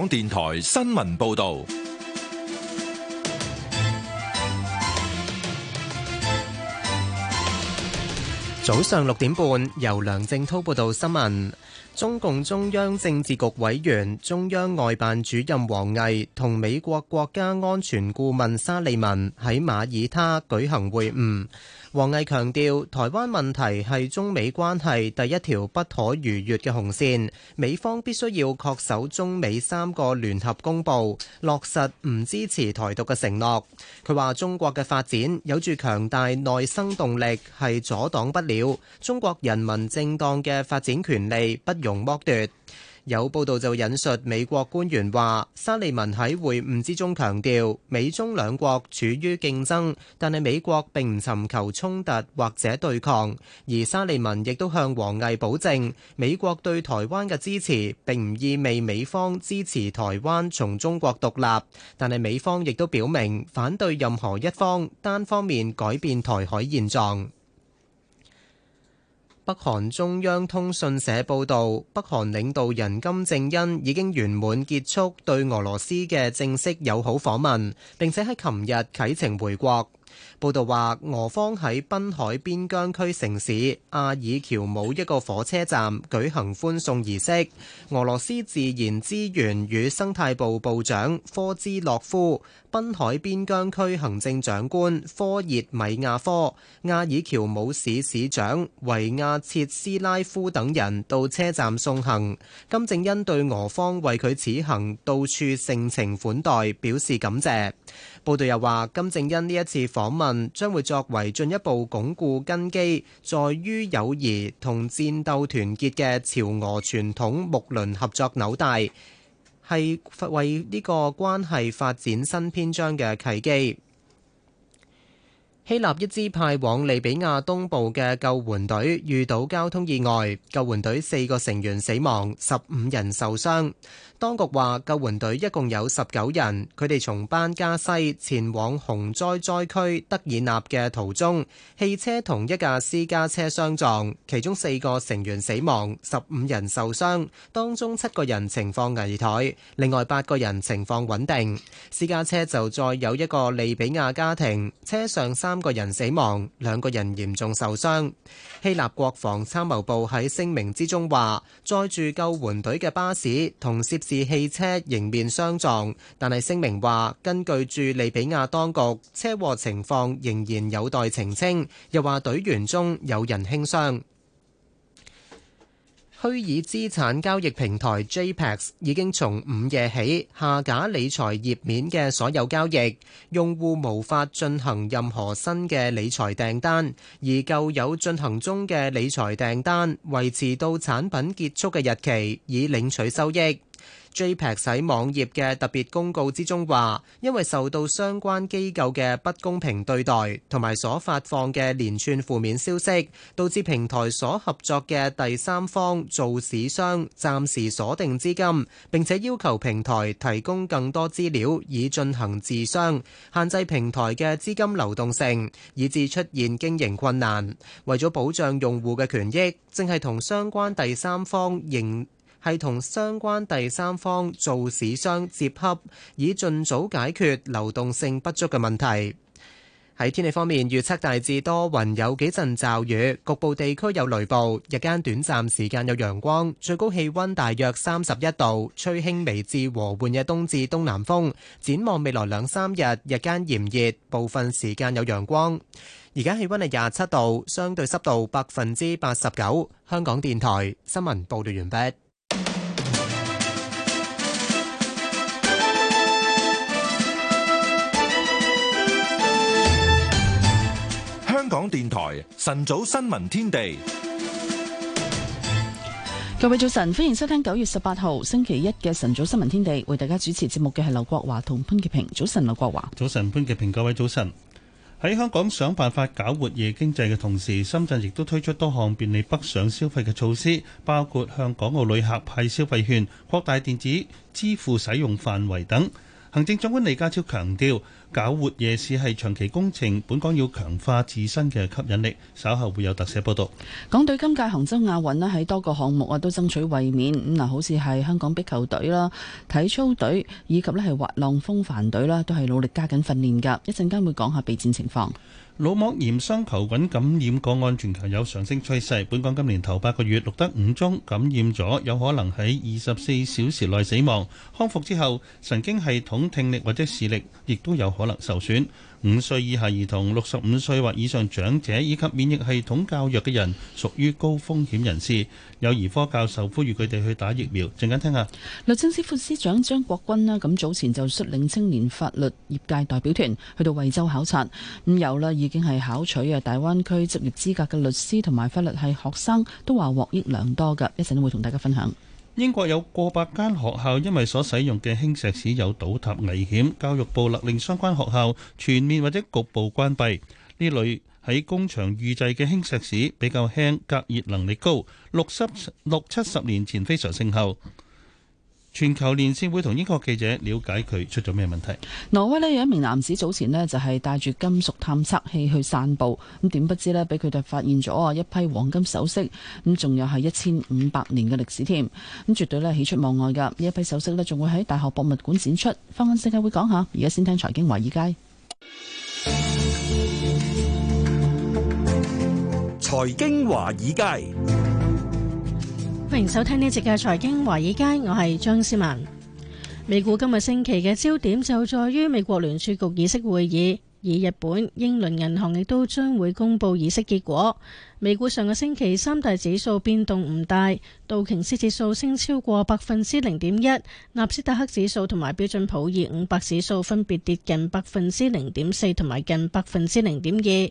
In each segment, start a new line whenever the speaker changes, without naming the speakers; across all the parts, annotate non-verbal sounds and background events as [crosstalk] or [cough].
港電台新聞報道：
早上六點半，由梁正滔報道新聞。中共中央政治局委員、中央外辦主任王毅同美國國家安全顧問沙利文喺馬爾他舉行會晤。王毅強調，台灣問題係中美關係第一條不可逾越嘅紅線，美方必須要確守中美三個聯合公佈，落實唔支持台獨嘅承諾。佢話：中國嘅發展有住強大內生動力，係阻擋不了中國人民正當嘅發展權利，不容剝奪。有報道就引述美國官員話，沙利文喺會晤之中強調，美中兩國處於競爭，但係美國並唔尋求衝突或者對抗。而沙利文亦都向王毅保證，美國對台灣嘅支持並唔意味美方支持台灣從中國獨立。但係美方亦都表明反對任何一方單方面改變台海現狀。北韓中央通信社報導，北韓領導人金正恩已經圓滿結束對俄羅斯嘅正式友好訪問，並且喺琴日啟程回國。報道話，俄方喺濱海邊疆區城市阿爾喬姆一個火車站舉行歡送儀式，俄羅斯自然資源與生態部部長科茲洛夫、濱海邊疆區行政長官科熱米亞科、阿爾喬姆市市長維亞切斯拉夫等人到車站送行。金正恩對俄方為佢此行到處盛情款待表示感謝。報道又話，金正恩呢一次訪問將會作為進一步鞏固根基，在於友誼同戰鬥團結嘅朝俄傳統睦鄰合作紐帶，係為呢個關係發展新篇章嘅契機。希臘一支派往利比亞東部嘅救援隊遇到交通意外，救援隊四個成員死亡，十五人受傷。當局話救援隊一共有是汽車迎面相撞，但係聲明話，根據駐利比亞當局車禍情況仍然有待澄清，又話隊員中有人輕傷。虛擬資產交易平台 JPEX 已經從午夜起下架理財頁面嘅所有交易，用戶無法進行任何新嘅理財訂單，而舊有進行中嘅理財訂單維持到產品結束嘅日期以領取收益。Jpeg 喺網頁嘅特別公告之中話，因為受到相關機構嘅不公平對待，同埋所發放嘅連串負面消息，導致平台所合作嘅第三方做市商暫時鎖定資金，並且要求平台提供更多資料以進行自商，限制平台嘅資金流動性，以致出現經營困難。為咗保障用戶嘅權益，正係同相關第三方認。係同相關第三方做市商接洽，以盡早解決流動性不足嘅問題。喺天氣方面，預測大致多雲，雲有幾陣驟雨，局部地區有雷暴，日間短暫時間有陽光，最高氣温大約三十一度，吹輕微至和緩嘅東至東南風。展望未來兩三日，日間炎熱，部分時間有陽光。而家氣温係廿七度，相對濕度百分之八十九。香港電台新聞報道完畢。
香港電台晨早新聞天地，
各位早晨，歡迎收聽九月十八號星期一嘅晨早新聞天地，為大家主持節目嘅係劉國華
同潘潔平。早晨，劉國華，早晨，潘潔平，各位早晨。喺香港想辦法搞活夜經濟嘅同時，深圳亦都推出多項便利北上消費嘅措施，包括向港澳旅客派消費券、擴大電子支付使用範圍等。行政長官李家超強調，搞活夜市係長期工程，本港要強化自身嘅吸引力。稍後會有特寫報道。
港隊今屆杭州亞運啦，喺多個項目啊都爭取衛冕。咁嗱，好似係香港壁球隊啦、體操隊以及咧係滑浪風帆隊啦，都係努力加緊訓練噶。一陣間會講下備戰情況。
腦膜炎雙球菌感染個案全球有上升趨勢，本港今年頭八個月錄得五宗感染咗，有可能喺二十四小時內死亡。康復之後，神經系統、聽力或者視力亦都有可能受損。五歲以下兒童、六十五歲或以上長者以及免疫系統較弱嘅人，屬於高風險人士。有兒科教授呼籲佢哋去打疫苗。陣間聽下
律政司副司長張國軍啦。咁早前就率領青年法律業界代表團去到惠州考察，咁有啦，已經係考取啊，大灣區執業資格嘅律師同埋法律系學生都話獲益良多噶。一陣會同大家分享。
英國有過百間學校因為所使用嘅輕石屎有倒塌危險，教育部勒令相關學校全面或者局部關閉。呢類喺工場預製嘅輕石屎比較輕，隔熱能力高，六十六七十年前非常盛行。全球連線會同英國記者了解佢出咗咩問題。
挪威咧有一名男子早前咧就係帶住金屬探測器去散步，咁點不知咧俾佢哋發現咗啊一批黃金首飾，咁仲有係一千五百年嘅歷史添，咁絕對咧喜出望外噶。呢一批首飾咧仲會喺大學博物館展出，放眼世界會講下。而家先聽財經華爾街，
財經華爾街。
歡迎
收聽呢節嘅財經華爾街，我係張思文。美股今個星期嘅焦點就在於美國聯儲局議息會議，以日本英倫銀行亦都將會公布議息結果。美股上個星期三大指數變動唔大，道瓊斯指數升超過百分之零點一，納斯達克指數同埋標準普爾五百指數分別跌近百分之零點四同埋近百分之零點二。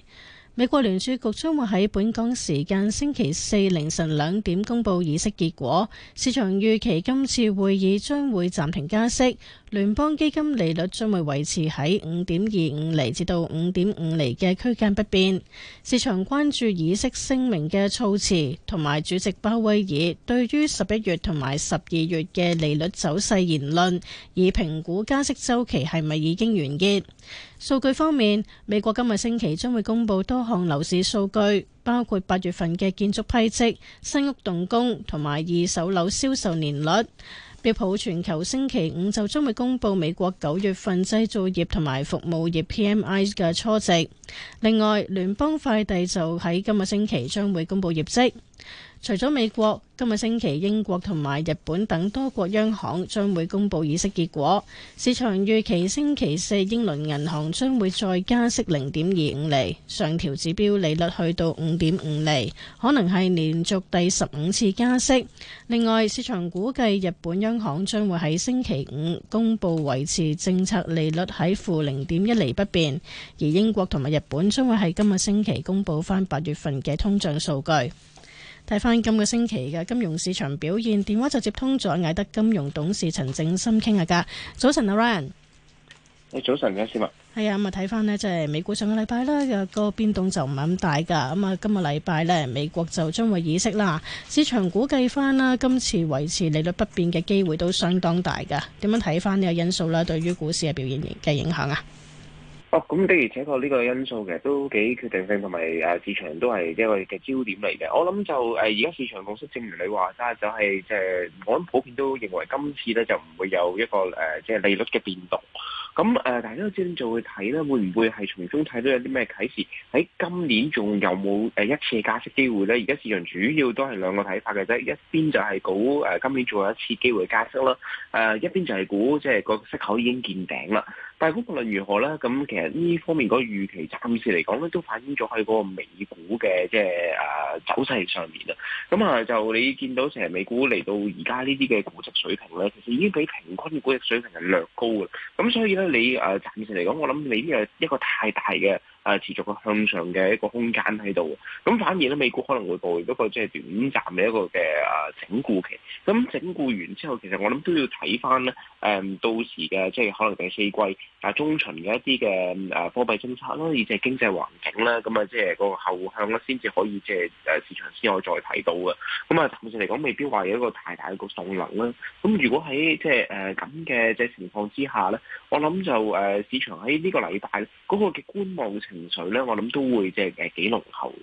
美國聯儲局將會喺本港時間星期四凌晨兩點公布議息結果，市場預期今次會議將會暫停加息。聯邦基金利率將會維持喺五點二五厘至到五點五厘嘅區間不變。市場關注議息聲明嘅措辭同埋主席鮑威爾對於十一月同埋十二月嘅利率走勢言論，以評估加息周期係咪已經完結。數據方面，美國今日星期將會公布多項樓市數據，包括八月份嘅建築批積、新屋動工同埋二手樓銷售年率。標普全球星期五就將會公布美國九月份製造業同埋服務業 PMI 嘅初值，另外聯邦快遞就喺今個星期將會公布業績。除咗美國，今日星期英國同埋日本等多國央行將會公布議息結果。市場預期星期四英倫銀行將會再加息零點二五厘，上調指標利率去到五點五厘，可能係連續第十五次加息。另外，市場估計日本央行將會喺星期五公布維持政策利率喺負零點一厘不變。而英國同埋日本將會喺今日星期公佈返八月份嘅通脹數據。睇翻，今個星期嘅金融市場表現，電話就接通咗。艾德金融董事陳正心傾下噶。早晨阿 Ryan 誒，Ryan，
早晨嘅先
啦。係啊，咁啊，睇翻呢即係美股上個禮拜啦，個個變動就唔係咁大噶。咁啊，今個禮拜呢，美國就將會議息啦。市場估計翻啦，今次維持利率不變嘅機會都相當大噶。點樣睇翻呢個因素咧，對於股市嘅表現嘅影響啊？
哦，咁的而且確呢個因素其實都幾決定性同埋誒市場都係一個嘅焦點嚟嘅。我諗就誒而家市場共識正如你話啦，就係即係我諗普遍都認為今次咧就唔會有一個誒即係利率嘅變動。咁誒、啊、大家都知，整組去睇咧，會唔會係從中睇到有啲咩啟示？喺今年仲有冇誒一次加息機會咧？而家市場主要都係兩個睇法嘅啫，一邊就係估誒今年仲有一次機會加息啦，誒、啊、一邊就係估即係個息口已經見頂啦。但係，無論如何咧，咁其實呢方面嗰個預期暫時嚟講咧，都反映咗喺嗰個美股嘅即係誒走勢上面啊。咁啊，就你見到成日美股嚟到而家呢啲嘅估值水平咧，其實已經比平均估值水平係略高嘅。咁所以咧，你誒、啊、暫時嚟講，我諗你呢個一個太大嘅。誒持續嘅向上嘅一個空間喺度，咁反而咧美國可能會過一個即係短暫嘅一個嘅誒整固期。咁整固完之後，其實我諗都要睇翻咧誒到時嘅即係可能第四季啊中旬嘅一啲嘅誒貨幣政策啦，以至係經濟環境啦，咁啊即係個後向咧先至可以即係誒市場先可以再睇到嘅。咁啊，暫時嚟講未必話有一個太大嘅一個動能啦。咁如果喺即係誒咁嘅即係情況之下咧，我諗就誒市場喺呢個禮拜嗰、那個嘅觀望情緒呢，我諗都會即係誒幾濃厚。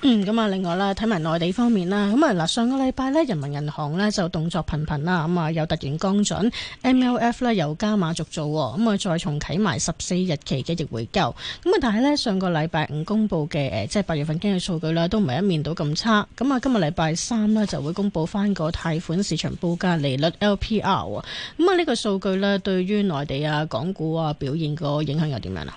嗯，咁啊，另外啦，睇埋內地方面啦，咁啊嗱，上個禮拜呢，人民銀行呢就動作頻頻啦，咁啊又突然降準，MLF 呢又加碼續做，咁啊再重啟埋十四日期嘅逆回購。咁啊，但係呢，上個禮拜五公布嘅誒，即係八月份經濟數據呢，都唔係一面到咁差。咁啊，今日禮拜三呢，就會公布翻個貸款市場報價利率 LPR 啊。咁啊，呢個數據呢，對於內地啊、港股啊表現個影響又點樣啊？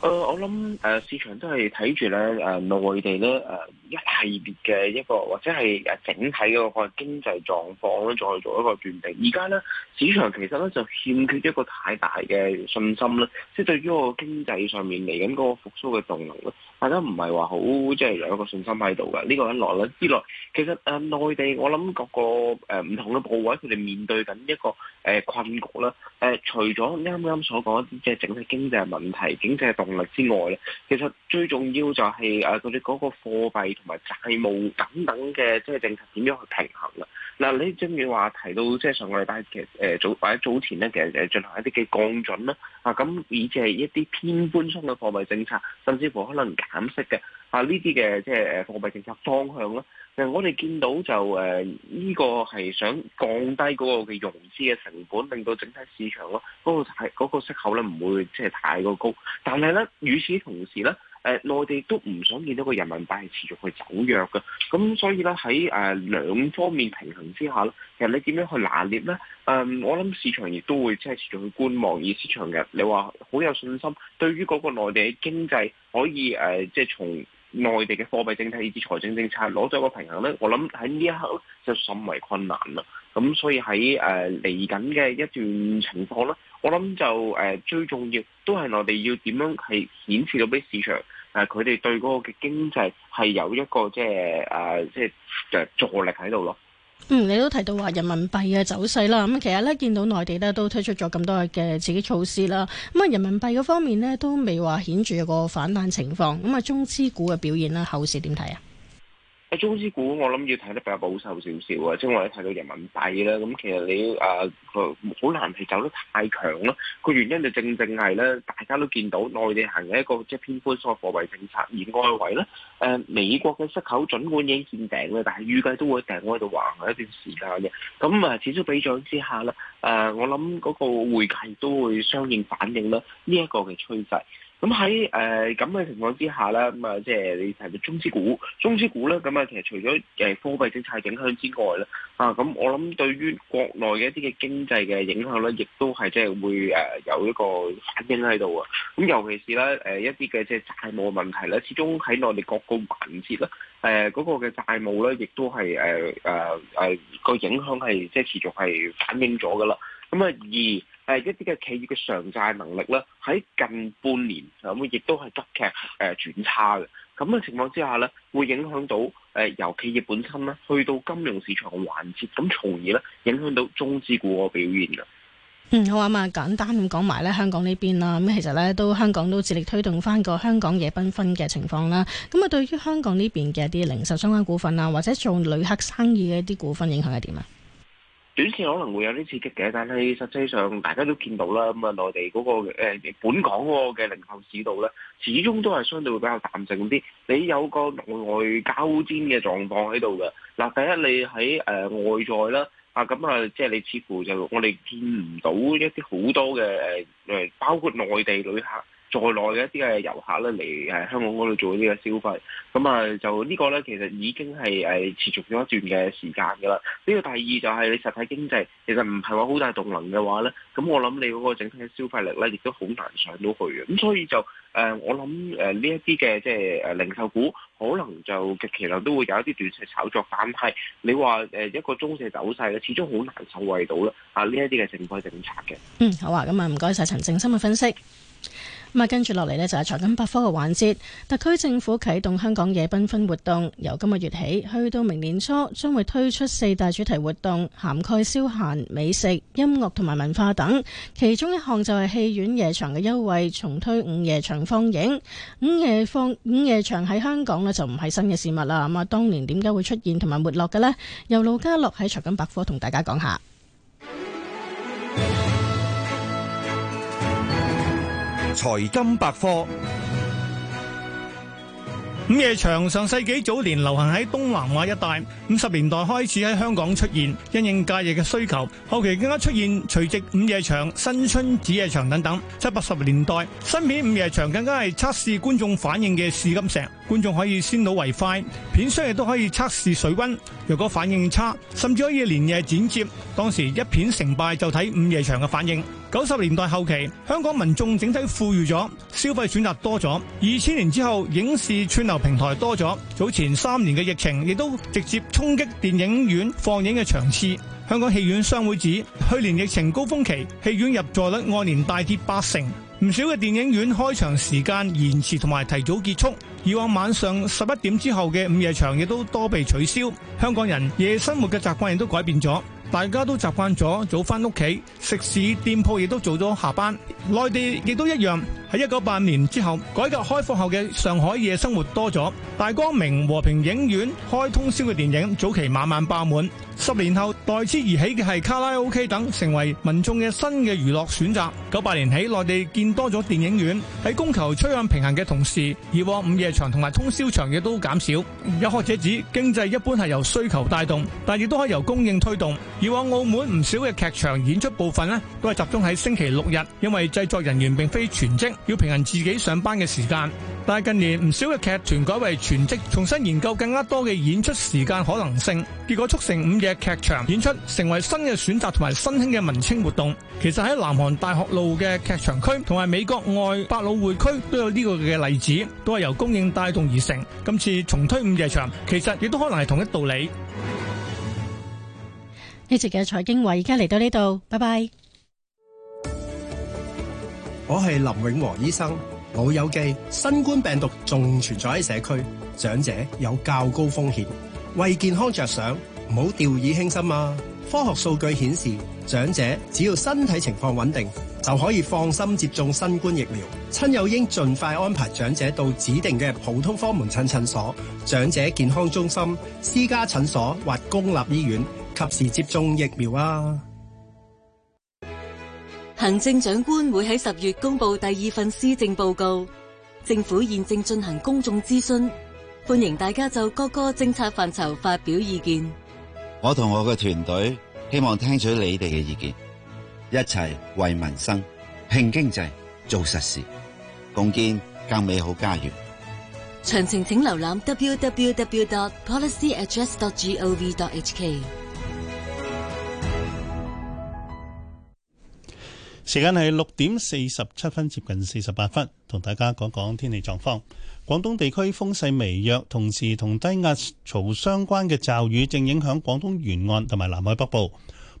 誒、呃，我諗誒、呃，市場都係睇住咧誒，內地咧誒，一系列嘅一個或者係誒整體嘅一個經濟狀況咧，再做一個斷定。而家咧，市場其實咧就欠缺一個太大嘅信心咧，即、就、係、是、對於個經濟上面嚟緊嗰個復蘇嘅動能咧。大家唔係話好即係、就是、有一個信心喺度嘅呢個一落啦之落，其實誒內、呃、地我諗各個誒唔、呃、同嘅部位，佢哋面對緊一個誒、呃、困局啦。誒、呃、除咗啱啱所講一啲即係整體經濟問題、經濟動力之外咧，其實最重要就係誒佢哋嗰個貨幣同埋債務等等嘅即係政策點樣去平衡啦。嗱，你正如話提到，即係上個禮拜其實誒、呃、早或者早前咧，其實誒進行一啲嘅降準啦，啊咁，以及係一啲偏寬鬆嘅貨幣政策，甚至乎可能減息嘅，啊呢啲嘅即係誒貨幣政策方向咧，其實、啊、我哋見到就誒呢、啊呢個係想降低嗰個嘅融資嘅成本，令到整體市場咯，嗰、嗰個係、嗰個、息口咧唔會即係太過高，但係咧，與此同時咧，誒內、呃、地都唔想見到個人民幣係持續去走弱嘅，咁所以咧喺誒兩方面平衡之下咧，其實你點樣去拿捏咧？誒、呃，我諗市場亦都會即係持續去觀望，而市場人你話好有信心，對於嗰個內地經濟可以誒、呃，即係從內地嘅貨幣政策以至財政政策攞走個平衡咧，我諗喺呢一刻呢就甚為困難啦。咁所以喺誒嚟緊嘅一段情況咧，我諗就誒、uh, 最重要都係內地要點樣係顯示到俾市場誒佢哋對嗰個嘅經濟係有一個、uh, 即係誒即係嘅助力喺度咯。
嗯，你都提到話人民幣嘅走勢啦，咁、嗯、其實咧見到內地咧都推出咗咁多嘅刺激措施啦，咁、嗯、啊人民幣嘅方面咧都未話顯著有個反彈情況，咁、嗯、啊中資股嘅表現啦，後市點睇啊？
中資股我諗要睇得比較保守少少啊，即係我哋睇到人民幣啦，咁其實你誒好難係走得太強啦。個原因就正正係咧，大家都見到內地行嘅一個即係偏寬鬆貨幣政策而外圍咧，誒美國嘅出口準管已經見頂啦，但係預計都會我喺度橫嘅一段時間嘅，咁啊此消彼長之下啦，誒我諗嗰個匯價亦都會相應反映啦呢一個嘅趨勢。咁喺誒咁嘅情況之下咧，咁啊，即係你提到中資股、中資股咧，咁啊，其實除咗誒、呃、貨幣政策影響之外咧，啊，咁我諗對於國內嘅一啲嘅經濟嘅影響咧，亦都係即係會誒有一個反映喺度啊。咁尤其是咧誒、呃、一啲嘅即係債務問題咧，始終喺內地各個環節咧，誒、呃、嗰、那個嘅債務咧，亦都係誒誒誒個影響係即係持續係反映咗噶啦。咁啊，而誒一啲嘅企業嘅償債能力咧，喺近半年咁亦都係急劇誒、呃、轉差嘅。咁嘅情況之下咧，會影響到誒、呃、由企業本身啦，去到金融市場嘅環節，咁從而咧影響到中資股嘅表現啊、嗯。嗯，
好啊嘛，簡單咁講埋咧，香港呢邊啦，咁其實咧都香港都致力推動翻個香港夜繽紛嘅情況啦。咁啊，對於香港呢邊嘅一啲零售相關股份啊，或者做旅客生意嘅一啲股份，影響係點啊？
短線可能會有啲刺激嘅，但係實際上大家都見到啦，咁啊內地嗰，那個、呃、本港嘅零售市道咧，始終都係相對會比較淡靜啲。你有個內外交尖嘅狀況喺度嘅，嗱、呃、第一你喺誒、呃、外在啦，啊咁啊、呃、即係你似乎就我哋見唔到一啲好多嘅誒誒，包括內地旅客。在內嘅一啲嘅遊客咧嚟誒香港嗰度做呢個消費，咁啊就呢個咧其實已經係誒持續咗一段嘅時間㗎啦。呢、這個第二就係你實體經濟其實唔係話好大動能嘅話咧，咁我諗你嗰個整體嘅消費力咧亦都好難上到去嘅。咁所以就誒我諗誒呢一啲嘅即係誒零售股可能就極其量都會有一啲短線炒作，但係你話誒一個中線走勢咧，始終好難受惠到啦啊呢一啲嘅政府政策嘅。嗯，
好啊，咁啊唔該晒陳正深嘅分析。咁啊，跟住落嚟呢，就係財經百科嘅環節。特區政府啟動香港夜繽紛活動，由今個月起去到明年初，將會推出四大主題活動，涵蓋消閒、美食、音樂同埋文化等。其中一項就係戲院夜場嘅優惠，重推午夜場放映。午夜放午夜場喺香港呢，就唔係新嘅事物啦。咁啊，當年點解會出現同埋沒落嘅呢？由盧家樂喺財經百科同大家講下。嗯
財金百科，午夜場上世紀早年流行喺東南亞一帶，五十年代開始喺香港出現，因應假日嘅需求，後期更加出現除夕午夜場、新春子夜場等等。七八十年代新片午夜場更加係測試觀眾反應嘅試金石。觀眾可以先睹為快，片商亦都可以測試水溫。若果反應差，甚至可以連夜剪接。當時一片成敗就睇午夜場嘅反應。九十年代後期，香港民眾整體富裕咗，消費選擇多咗。二千年之後，影視串流平台多咗。早前三年嘅疫情，亦都直接衝擊電影院放映嘅場次。香港戲院商會指，去年疫情高峰期，戲院入座率按年大跌八成。唔少嘅電影院開場時間延遲同埋提早結束，以往晚上十一點之後嘅午夜場亦都多被取消。香港人夜生活嘅習慣亦都改變咗，大家都習慣咗早返屋企，食肆店鋪亦都早咗下班。內地亦都一樣，喺一九八零年之後改革開放後嘅上海夜生活多咗，大光明和平影院開通宵嘅電影，早期晚晚爆滿。十年後，代之而起嘅係卡拉 OK 等，成為民眾嘅新嘅娛樂選擇。九八年起，內地建多咗電影院，喺供求趨向平衡嘅同時，以往午夜場同埋通宵場亦都減少。有學者指，經濟一般係由需求帶動，但亦都可以由供應推動。以往澳門唔少嘅劇場演出部分呢，都係集中喺星期六日，因為製作人員並非全職，要平衡自己上班嘅時間。但係近年唔少嘅劇團改為全職，重新研究更加多嘅演出時間可能性，結果促成午夜劇場演出成為新嘅選擇同埋新興嘅文青活動。其實喺南韓大學路嘅劇場區同埋美國外百老匯區都有呢個嘅例子，都係由供應帶動而成。今次重推午夜場，其實亦都可能係同一道理。
呢節嘅財經話，而家嚟到呢度，拜拜。
我係林永和醫生。老友記，新冠病毒仲存在喺社區，長者有較高風險。為健康着想，唔好掉以輕心啊！科學數據顯示，長者只要身體情況穩定，就可以放心接種新冠疫苗。親友應盡快安排長者到指定嘅普通科門診診所、長者健康中心、私家診所或公立醫院，及時接種疫苗啊！
行政長官會喺十月公布第二份施政報告，政府現正進行公眾諮詢，歡迎大家就各個政策範疇發表意見。
我同我嘅團隊希望聽取你哋嘅意見，一齊為民生、拼經濟、做實事，共建更美好家園。
詳情請瀏覽 www.policyaddress.gov.hk。
時間係六點四十七分，接近四十八分，同大家講講天氣狀況。廣東地區風勢微弱，同時同低壓槽相關嘅驟雨正影響廣東沿岸同埋南海北部。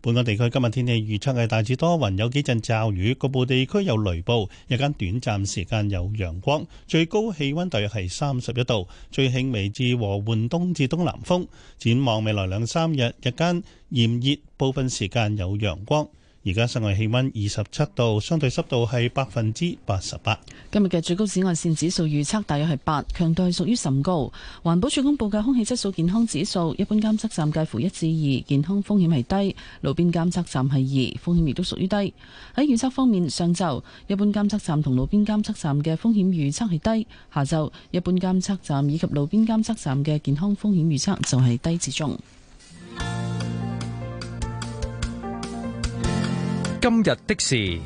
本港地區今日天氣預測係大致多雲，有幾陣驟雨，局部地區有雷暴，日間短暫時間有陽光，最高氣溫大約係三十一度，最輕微至和緩東至東南風。展望未來兩三日，日間炎熱，部分時間有陽光。而家室外氣溫二十七度，相對濕度係百分之八十八。
今日嘅最高紫外線指數預測大約係八，強度係屬於甚高。環保署公布嘅空氣質素健康指數，一般監測站介乎一至二，健康風險係低；路邊監測站係二，風險亦都屬於低。喺預測方面，上晝一般監測站同路邊監測站嘅風險預測係低；下晝一般監測站以及路邊監測站嘅健康風險預測就係低至中。
今日的事，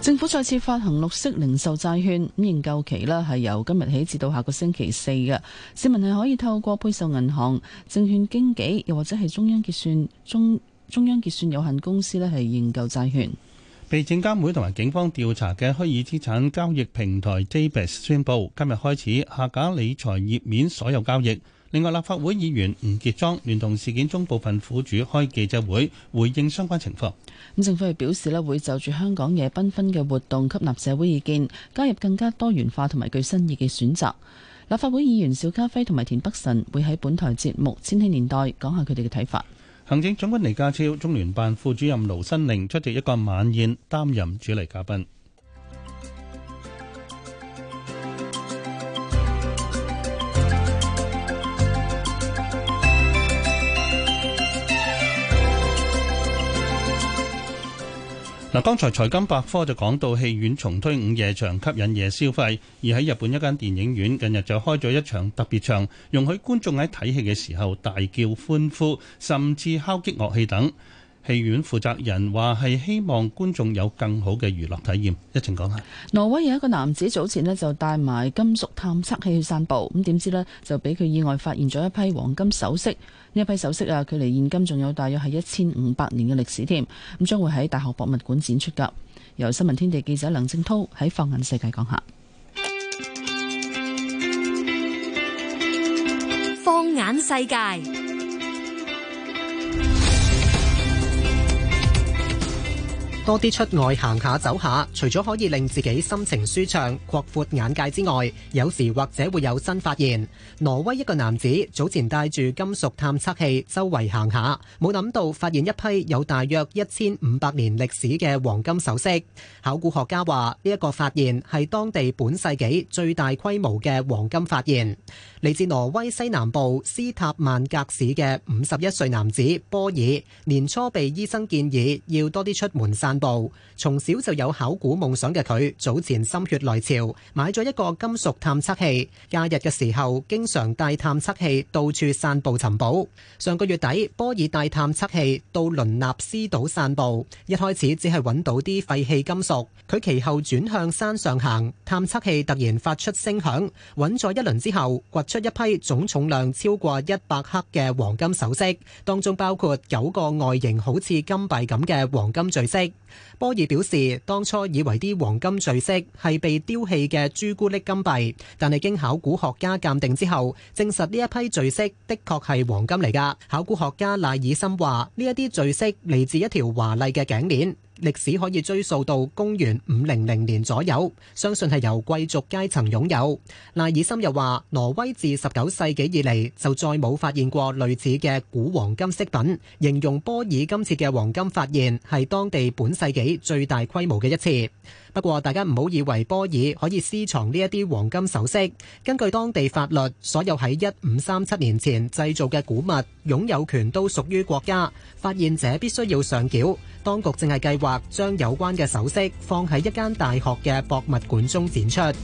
政府再次發行綠色零售債券，咁認購期咧係由今日起至到下個星期四嘅，市民係可以透過配售銀行、證券經紀，又或者係中央結算中中央結算有限公司咧係認購債券。
被證監會同埋警方調查嘅虛擬資產交易平台 JPEX 宣布，今日開始下架理財頁面所有交易。另外，立法會議員吳傑莊聯同事件中部分苦主開記者會，回應相關情況。
咁，政府係表示咧，會就住香港夜繽紛嘅活動，吸納社會意見，加入更加多元化同埋具新意嘅選擇。立法會議員邵家輝同埋田北辰會喺本台節目《千禧年代》講下佢哋嘅睇
法。行政長官李家超、中聯辦副主任盧新寧出席一個晚宴，擔任主禮嘉賓。嗱，剛才財金百科就講到戲院重推午夜場吸引夜消費，而喺日本一間電影院近日就開咗一場特別場，容許觀眾喺睇戲嘅時候大叫、歡呼，甚至敲擊樂器等。戲院負責人話係希望觀眾有更好嘅娛樂體驗，一齊講下。
挪威有一個男子早前呢就帶埋金屬探測器去散步，咁點知呢？就俾佢意外發現咗一批黃金首飾。呢一批首飾啊，距離現今仲有大約係一千五百年嘅歷史添，咁將會喺大學博物館展出噶。由新聞天地記者梁正濤喺放眼世界講下。
放眼世界。
多啲出外行下走下，除咗可以令自己心情舒暢、擴闊眼界之外，有時或者會有新發現。挪威一個男子早前帶住金屬探測器周圍行下，冇諗到發現一批有大約一千五百年歷史嘅黃金首飾。考古學家話呢一個發現係當地本世紀最大規模嘅黃金發現。嚟自挪威西南部斯塔曼格市嘅五十一歲男子波爾，年初被醫生建議要多啲出門散部從小就有考古夢想嘅佢，早前心血來潮買咗一個金屬探測器，假日嘅時候經常帶探測器到處散步尋寶。上個月底，波爾帶探測器到倫納斯島散步，一開始只係揾到啲廢棄金屬，佢其後轉向山上行，探測器突然發出聲響，揾咗一輪之後，掘出一批總重量超過一百克嘅黃金首飾，當中包括九個外形好似金幣咁嘅黃金墜飾。波爾表示，當初以為啲黃金墜飾係被丟棄嘅朱古力金幣，但係經考古學家鑑定之後，證實呢一批墜飾的確係黃金嚟㗎。考古學家賴爾森話：呢一啲墜飾嚟自一條華麗嘅頸鏈。歷史可以追溯到公元五零零年左右，相信係由貴族階層擁有。賴爾森又話：挪威自十九世紀以嚟就再冇發現過類似嘅古黃金飾品。形容波爾今次嘅黃金發現係當地本世紀最大規模嘅一次。不過，大家唔好以為波爾可以私藏呢一啲黃金首飾。根據當地法律，所有喺一五三七年前製造嘅古物擁有權都屬於國家，發現者必須要上繳。當局正係計劃將有關嘅首飾放喺一間大學嘅博物館中展出。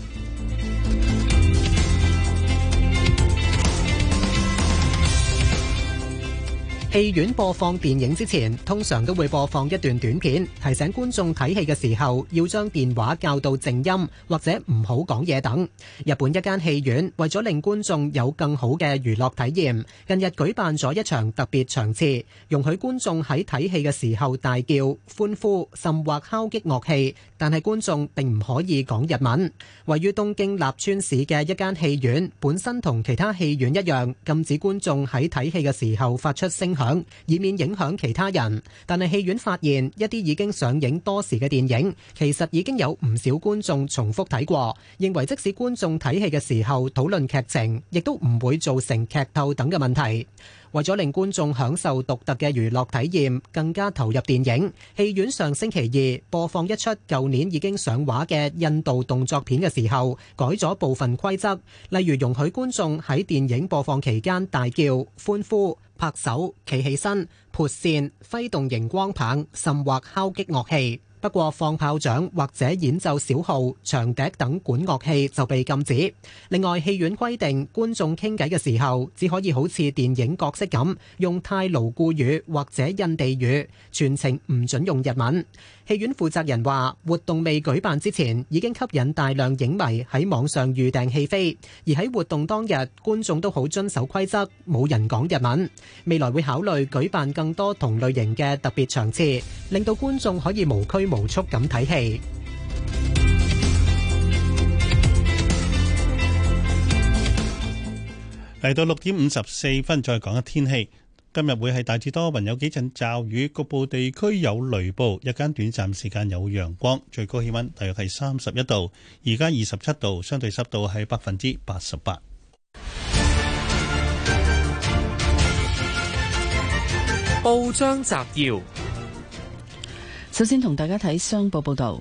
戲院播放電影之前，通常都會播放一段短片，提醒觀眾睇戲嘅時候要將電話校到靜音，或者唔好講嘢等。日本一間戲院為咗令觀眾有更好嘅娛樂體驗，近日舉辦咗一場特別場次，容許觀眾喺睇戲嘅時候大叫、歡呼，甚或敲擊樂器。但係觀眾並唔可以講日文。位於東京立川市嘅一間戲院，本身同其他戲院一樣，禁止觀眾喺睇戲嘅時候發出聲響，以免影響其他人。但係戲院發現一啲已經上映多時嘅電影，其實已經有唔少觀眾重複睇過，認為即使觀眾睇戲嘅時候討論劇情，亦都唔會造成劇透等嘅問題。為咗令觀眾享受獨特嘅娛樂體驗，更加投入電影，戲院上星期二播放一出舊年已經上畫嘅印度動作片嘅時候，改咗部分規則，例如容許觀眾喺電影播放期間大叫、歡呼、拍手、企起身、撥扇、揮動熒光棒，甚或敲擊樂器。不過，放炮仗或者演奏小號、長笛等管樂器就被禁止。另外，戲院規定觀眾傾偈嘅時候，只可以好似電影角色咁用泰盧固語或者印地語，全程唔準用日文。戲院負責人話：活動未舉辦之前，已經吸引大量影迷喺網上預訂戲飛。而喺活動當日，觀眾都好遵守規則，冇人講日文。未來會考慮舉辦更多同類型嘅特別場次，令到觀眾可以無拘無束咁睇戲。
嚟到六點五十四分，再講一下天氣。今日會係大致多雲，有幾陣驟雨，局部地區有雷暴，日間短暫時間有陽光，最高氣溫大約係三十一度，而家二十七度，相對濕度係百分之八十八。
報章摘要，
首先同大家睇商報報道。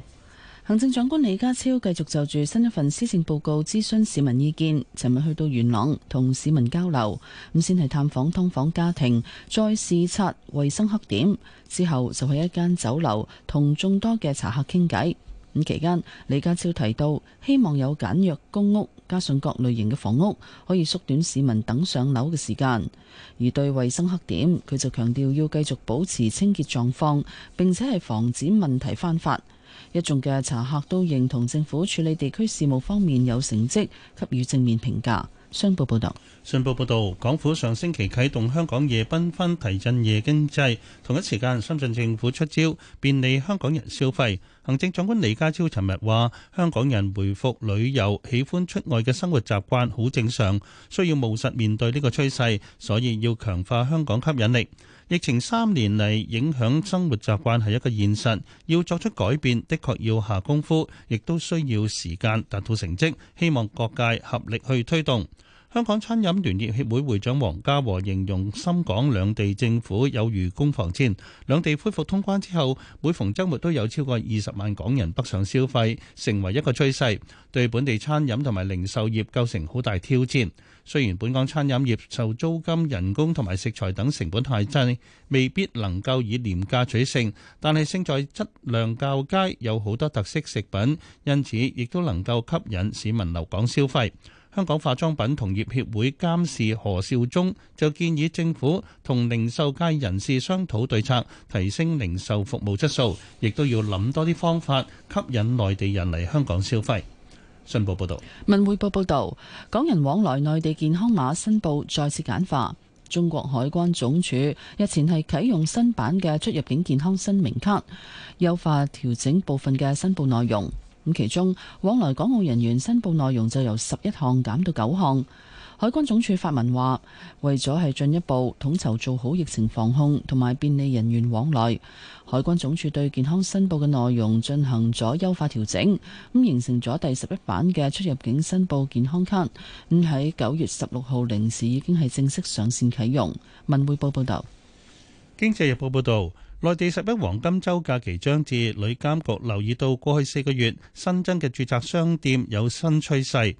行政長官李家超繼續就住新一份施政報告諮詢市民意見。尋日去到元朗同市民交流，咁先係探訪劏房家庭，再視察衛生黑點之後，就喺一間酒樓同眾多嘅茶客傾偈。咁期間，李家超提到希望有簡約公屋加上各類型嘅房屋，可以縮短市民等上樓嘅時間。而對衛生黑點，佢就強調要繼續保持清潔狀況，並且係防止問題翻發。一眾嘅茶客都認同政府處理地區事務方面有成績，給予正面評價。商報報道。
信報報道，港府上星期啟動香港夜繽紛提振夜經濟，同一時間深圳政府出招，便利香港人消費。行政長官李家超尋日話：香港人回復旅遊、喜歡出外嘅生活習慣好正常，需要務實面對呢個趨勢，所以要強化香港吸引力。疫情三年嚟影響生活習慣係一個現實，要作出改變的確要下功夫，亦都需要時間達到成績，希望各界合力去推動。香港餐飲聯業協會會長黃家和形容深港兩地政府有如攻防戰，兩地恢復通關之後，每逢週末都有超過二十萬港人北上消費，成為一個趨勢，對本地餐飲同埋零售業構成好大挑戰。雖然本港餐飲業受租金、人工同埋食材等成本抬制，未必能夠以廉價取勝，但係勝在質量較佳，有好多特色食品，因此亦都能夠吸引市民留港消費。香港化妝品同業協會監事何少忠就建議政府同零售界人士商討對策，提升零售服務質素，亦都要諗多啲方法吸引內地人嚟香港消費。信報報道，
文匯報報道，港人往來內地健康碼申報再次簡化。中國海關總署日前係啟用新版嘅出入境健康申明卡，優化調整部分嘅申報內容。咁其中往來港澳人員申報內容就由十一項減到九項。海關總署發文話，為咗係進一步統籌做好疫情防控同埋便利人員往來，海關總署對健康申報嘅內容進行咗優化調整，咁形成咗第十一版嘅出入境申報健康卡。咁喺九月十六號零時已經係正式上線啟用。文匯報報道，
經濟日報報道，內地十一黃金周假期將至，旅監局留意到過去四個月新增嘅註冊商店有新趨勢。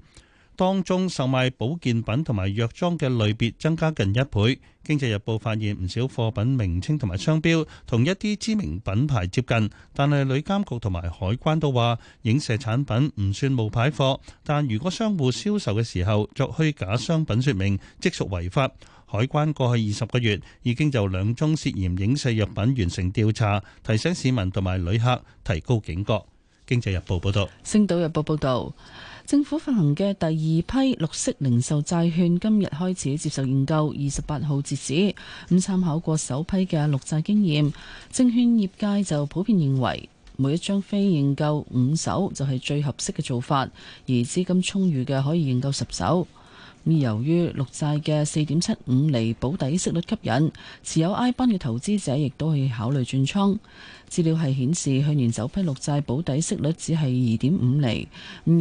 當中售賣保健品同埋藥妝嘅類別增加近一倍。經濟日報發現唔少貨品名稱同埋商標同一啲知名品牌接近，但係旅監局同埋海關都話，影射產品唔算冒牌貨，但如果商戶銷售嘅時候作虛假商品說明，即屬違法。海關過去二十個月已經就兩宗涉嫌影射藥品完成調查，提醒市民同埋旅客提高警覺。經濟日報報道，
星島日報報道。政府發行嘅第二批綠色零售債券今日開始接受認購，二十八號截止。咁參考過首批嘅綠債經驗，證券業界就普遍認為，每一張飛，認購五手就係最合適嘅做法，而資金充裕嘅可以認購十手。咁由於綠債嘅四點七五厘保底息率吸引，持有 I 班嘅投資者亦都可以考慮轉倉。資料係顯示去年首批綠債保底息率只係二點五厘，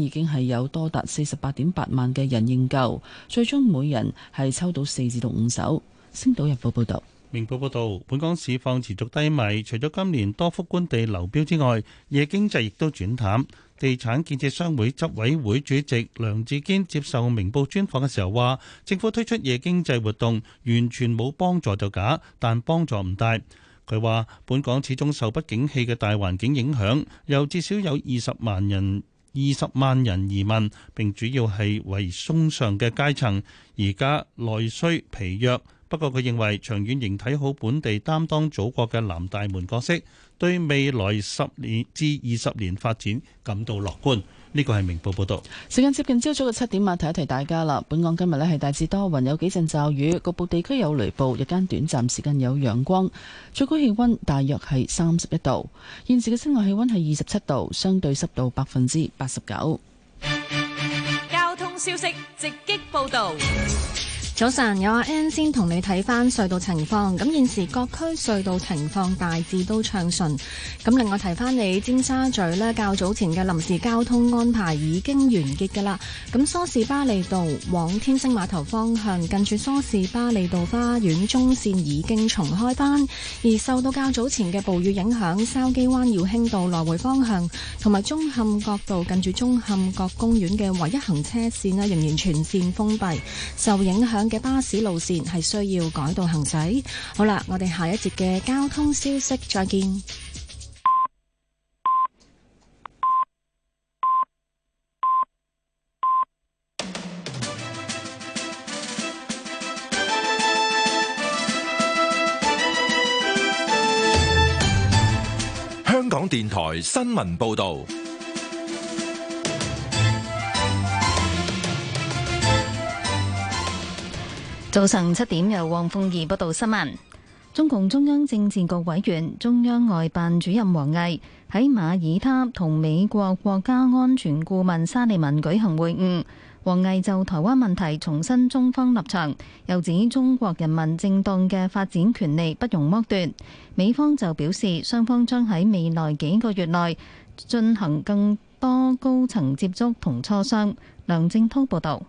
已經係有多達四十八點八萬嘅人認購，最終每人係抽到四至到五手。星島日報報導。
明報報導，本港市況持續低迷，除咗今年多幅官地流標之外，夜經濟亦都轉淡。地產建設商會執委會主席梁志堅接受明報專訪嘅時候話，政府推出夜經濟活動，完全冇幫助就假，但幫助唔大。佢話，本港始終受不景氣嘅大環境影響，又至少有二十萬人二十萬人移民，並主要係為中上嘅階層。而家內需疲弱。不過佢認為長遠仍睇好本地擔當祖國嘅南大門角色，對未來十年至二十年發展感到樂觀。呢個係明報報道。
時間接近朝早嘅七點啊，提一提大家啦。本港今日呢係大致多雲，有幾陣驟雨，局部地區有雷暴。日間短暫時間有陽光，最高氣溫大約係三十一度。現時嘅室外氣溫係二十七度，相對濕度百分之八十九。
交通消息直擊報道。
早晨，有阿 Ann 先同你睇翻隧道情況。咁現時各區隧道情況大致都暢順。咁另外提翻你尖沙咀咧，較早前嘅臨時交通安排已經完結噶啦。咁梳士巴利道往天星碼頭方向，近住梳士巴利道花園中線已經重開翻。而受到較早前嘅暴雨影響，筲箕灣耀興道來回方向同埋中磡角道近住中磡角公園嘅唯一行車線咧，仍然全線封閉，受影響。嘅巴士路線係需要改道行駛。好啦，我哋下一節嘅交通消息再見。
香港電台新聞報道。
早晨七點，由黃鳳儀報道新聞。中共中央政治局委員、中央外辦主任王毅喺馬爾他同美國國家安全顧問沙利文舉行會晤。王毅就台灣問題重申中方立場，又指中國人民正當嘅發展權利不容剝奪。美方就表示，雙方將喺未來幾個月內進行更多高層接觸同磋商。梁正濤報道。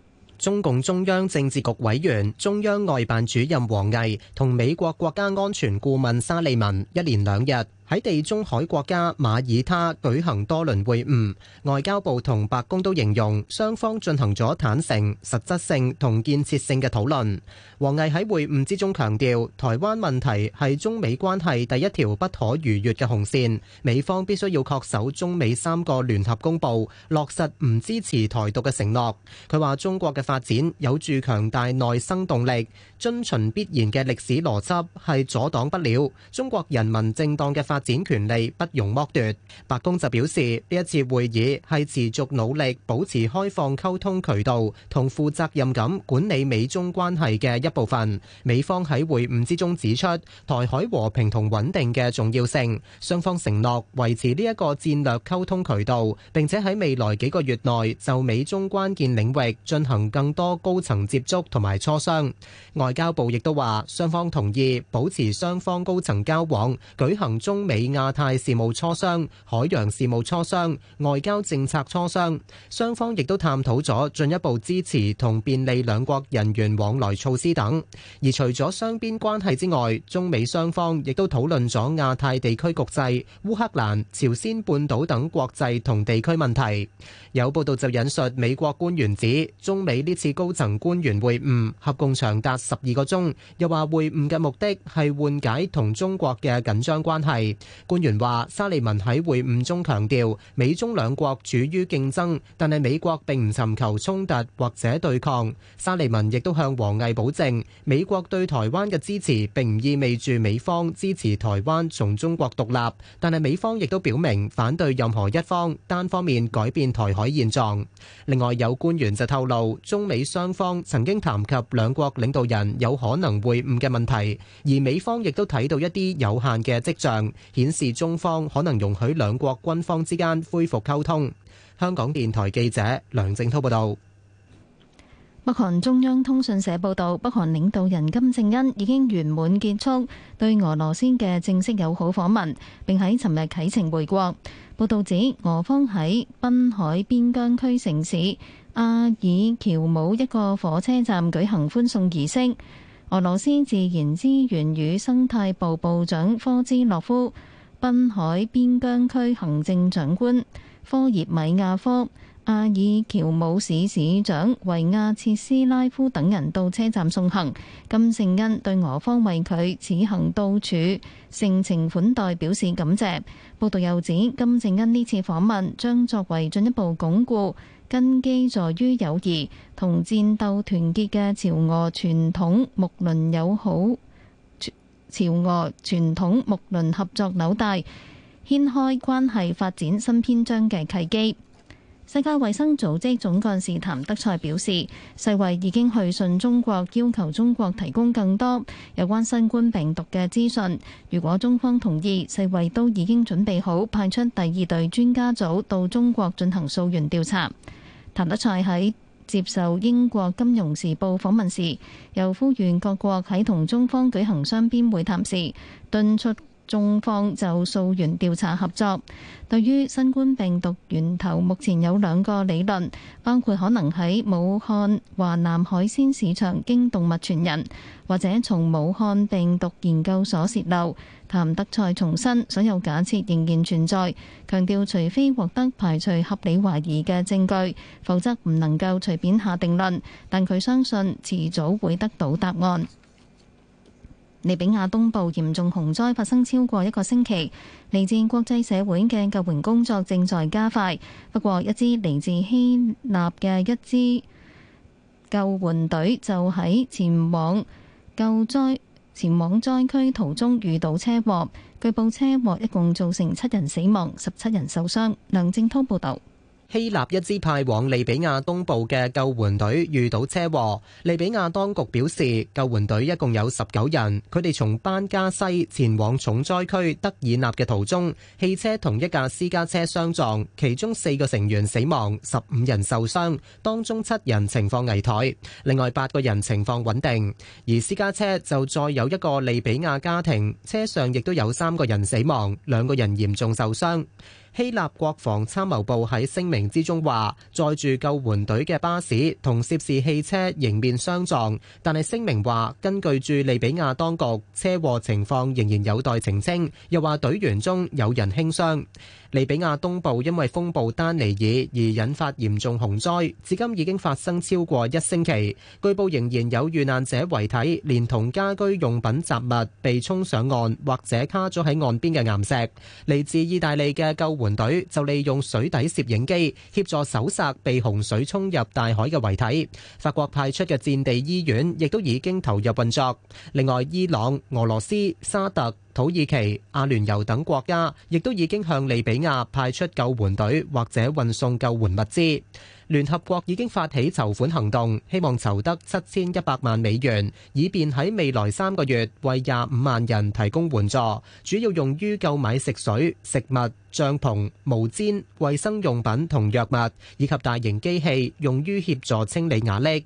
中共中央政治局委員、中央外辦主任王毅同美國國家安全顧問沙利文一連兩日，喺地中海國家馬耳他舉行多輪會晤，外交部同白宮都形容雙方進行咗坦誠、實質性同建設性嘅討論。王毅喺會晤之中強調，台灣問題係中美關係第一條不可逾越嘅紅線，美方必須要恪守中美三個聯合公報落實唔支持台獨嘅承諾。佢話中國嘅發展有住強大內生動力。遵循必然嘅歷史邏輯，係阻擋不了中國人民正當嘅發展權利不容剝奪。白宮就表示，呢一次會議係持續努力保持開放溝通渠道同負責任咁管理美中關係嘅一部分。美方喺會晤之中指出，台海和平同穩定嘅重要性，雙方承諾維持呢一個戰略溝通渠道，並且喺未來幾個月內就美中關鍵領域進行更多高層接觸同埋磋商。外外交部亦都話，雙方同意保持雙方高層交往，舉行中美亞太事務磋商、海洋事務磋商、外交政策磋商。雙方亦都探討咗進一步支持同便利兩國人員往來措施等。而除咗雙邊關係之外，中美雙方亦都討論咗亞太地區局勢、烏克蘭、朝鮮半島等國際同地區問題。有報道就引述美國官員指，中美呢次高層官員會晤合共長達十二個鐘，又話會晤嘅目的係緩解同中國嘅緊張關係。官員話，沙利文喺會晤中強調，美中兩國處於競爭，但係美國並唔尋求衝突或者對抗。沙利文亦都向王毅保證，美國對台灣嘅支持並唔意味住美方支持台灣從中國獨立，但係美方亦都表明反對任何一方，單方面改變台海現狀。另外，有官員就透露，中美雙方曾經談及兩國領導人有可能會晤嘅問題，而美方亦都睇到一啲有限嘅跡象，顯示中方可能容許兩國軍方之間恢復溝通。香港電台記者梁正滔報導。
北韓中央通訊社報導，北韓領導人金正恩已經圓滿結束對俄羅斯嘅正式友好訪問，並喺尋日啟程回國。報導指俄方喺濱海邊疆區城市。阿爾喬姆一個火車站舉行歡送儀式，俄羅斯自然資源與生態部部長科茲洛夫、濱海邊疆區行政長官科熱米亞科，阿爾喬姆市市長維亞切斯拉夫等人到車站送行，金正恩對俄方為佢此行到處盛情款待表示感謝。報道又指，金正恩呢次訪問將作為進一步鞏固根基在於友誼同戰鬥團結嘅朝俄傳統睦鄰友好，朝俄傳統睦鄰合作紐帶，掀開關係發展新篇章嘅契機。世界衛生組織總幹事譚德塞表示，世衛已經去信中國，要求中國提供更多有關新冠病毒嘅資訊。如果中方同意，世衛都已經準備好派出第二隊專家組到中國進行溯源調查。譚德塞喺接受英國金融時報訪問時，又呼籲各國喺同中方舉行雙邊會談時，敦促中方就溯源調查合作，對於新冠病毒源頭，目前有兩個理論，包括可能喺武漢華南海鮮市場經動物傳人，或者從武漢病毒研究所泄漏。譚德塞重申，所有假設仍然存在，強調除非獲得排除合理懷疑嘅證據，否則唔能夠隨便下定論。但佢相信遲早會得到答案。利比亞東部嚴重洪災發生超過一個星期，嚟自國際社會嘅救援工作正在加快。不過，一支嚟自希臘嘅一支救援隊就喺前往救災、前往災區途中遇到車禍，據報車禍一共造成七人死亡、十七人受傷。梁正
滔報導。希臘一支派往利比亞東部嘅救援隊遇到車禍。利比亞當局表示，救援隊一共有十九人，佢哋從班加西前往重災區德爾納嘅途中，汽車同一架私家車相撞，其中四個成員死亡，十五人受傷，當中七人情況危殆，另外八個人情況穩定。而私家車就再有一個利比亞家庭，車上亦都有三個人死亡，兩個人嚴重受傷。希臘國防參謀部喺聲明之中話：載住救援隊嘅巴士同涉事汽車迎面相撞，但係聲明話根據住利比亞當局，車禍情況仍然有待澄清，又話隊員中有人輕傷。利比亞東部因為風暴丹尼爾而引發嚴重洪災，至今已經發生超過一星期。據報仍然有遇難者遺體，連同家居用品雜物被沖上岸，或者卡咗喺岸邊嘅岩石。嚟自意大利嘅救援隊就利用水底攝影機協助搜索被洪水沖入大海嘅遺體。法國派出嘅戰地醫院亦都已經投入運作。另外，伊朗、俄羅斯、沙特、土耳其、阿聯酋等國家亦都已經向利比亞派出救援隊，或者運送救援物資。聯合國已經發起籌款行動，希望籌得七千一百萬美元，以便喺未來三個月為廿五萬人提供援助，主要用於購買食水、食物、帳篷、毛氈、衛生用品同藥物，以及大型機器用於協助清理瓦礫。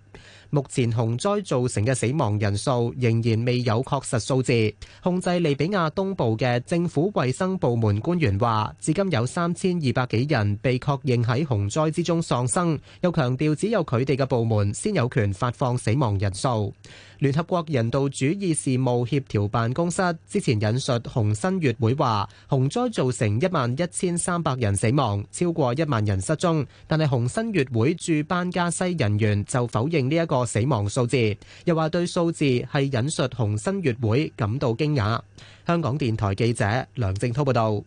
目前洪災造成嘅死亡人數仍然未有確實數字。控制利比亞東部嘅政府衛生部門官員話，至今有三千二百幾人被確認喺洪災之中喪生。又強調只有佢哋嘅部門先有權發放死亡人數。聯合國人道主義事務協調辦公室之前引述紅新月會話，洪災造成一萬一千三百人死亡，超過一萬人失蹤。但係紅新月會駐班加西人員就否認呢一個死亡數字，又話對數字係引述紅新月會感到驚訝。香港電台記者梁正滔報道。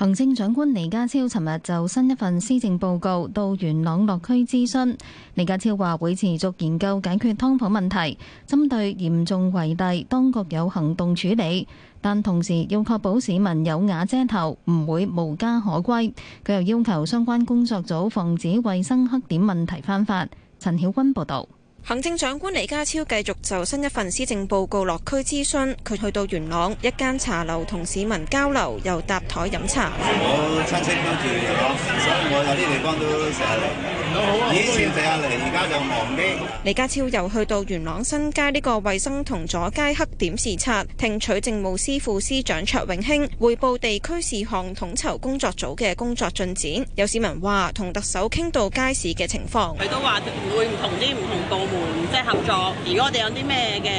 行政長官李家超尋日就新一份施政報告到元朗落區諮詢。李家超話會持續研究解決劏房問題，針對嚴重違例，當局有行動處理，但同時要確保市民有瓦遮頭，唔會無家可歸。佢又要求相關工作組防止衞生黑點問題翻發。陳曉君
報導。行政長官李家超繼續就新一份施政報告落區諮詢，佢去到元朗一間茶樓同市民交流，又搭台飲茶。我親戚都住咗，所
以我有啲地方都成日嚟。以前成日嚟，而家就忙啲。
李家超又去到元朗新街呢個衞生同阻街黑點視察，聽取政務司副司長卓永興匯報地區事項統籌工作組嘅工作進展。有市民話同特首傾到街市嘅情況。佢
都話會唔同啲唔同部門。即係合作。如果我哋有啲咩嘅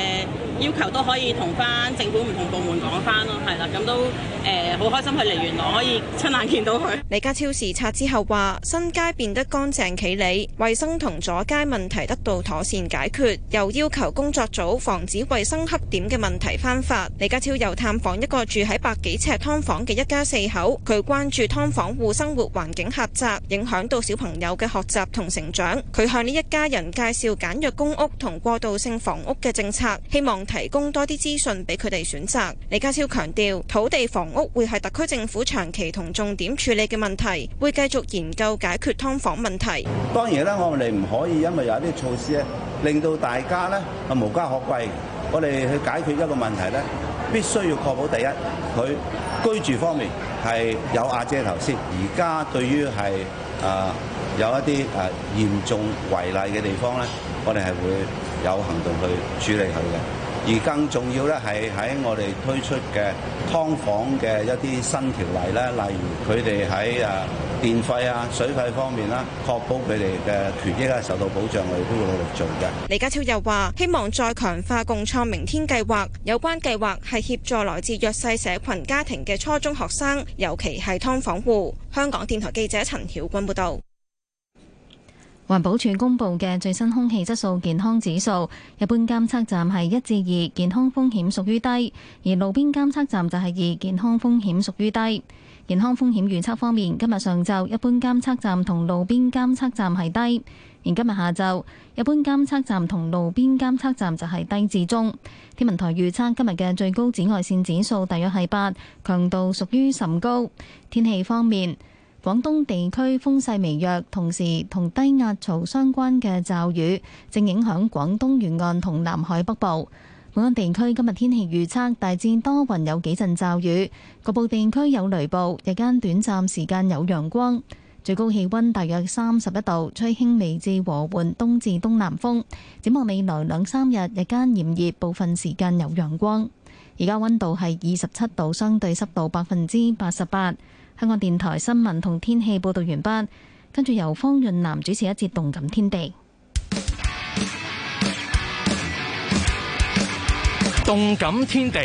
要求，都可以同翻政府唔同部門講翻咯。係啦，咁都誒好、呃、開心去嚟元朗
可以親眼見到佢。李家超視察之後話，新街變得乾淨企理，衛生同阻街問題得到妥善解決，又要求工作組防止衛生黑點嘅問題翻發。李家超又探訪一個住喺百幾尺劏房嘅一家四口，佢關注劏房戶生活環境狹窄，影響到小朋友嘅學習同成長，佢向呢一家人介紹簡。若公屋同過渡性房屋嘅政策，希望提供多啲資訊俾佢哋選擇。李家超強調，土地房屋會係特區政府長期同重點處理嘅問題，會繼續研究解決劏房問題。
當然咧，我哋唔可以因為有一啲措施咧，令到大家咧啊無家可歸。我哋去解決一個問題咧，必須要確保第一，佢居住方面係有阿姐頭先。而家對於係啊。呃有一啲誒嚴重違例嘅地方咧，我哋係會有行動去處理佢嘅。而更重要咧，係喺我哋推出嘅劏房嘅一啲新條例咧，例如佢哋喺誒電費啊、水費方面啦，確保佢哋嘅權益咧受到保障，我哋都會努力做嘅。
李家超又話：希望再強化共創明天計劃，有關計劃係協助來自弱勢社群家庭嘅初中學生，尤其係劏房戶。香港電台記者陳曉君報導。
環保署公布嘅最新空氣質素健康指數，一般監測站係一至二，健康風險屬於低；而路邊監測站就係二，健康風險屬於低。健康風險預測方面，今日上晝一般監測站同路邊監測站係低，而今日下晝一般監測站同路邊監測站就係低至中。天文台預測今日嘅最高紫外綫指數大約係八，強度屬於甚高。天氣方面。廣東地區風勢微弱，同時同低壓槽相關嘅驟雨正影響廣東沿岸同南海北部。本港地區今日天，天氣預測大致多雲有幾陣驟雨，局部地區有雷暴，日間短暫時間有陽光，最高氣温大約三十一度，吹輕微至和緩東至東南風。展望未來兩三日，日間炎熱，部分時間有陽光。而家温度係二十七度，相對濕度百分之八十八。香港電台新聞同天氣報道完畢，跟住由方潤南主持一節《動感天地》。
《動感天地》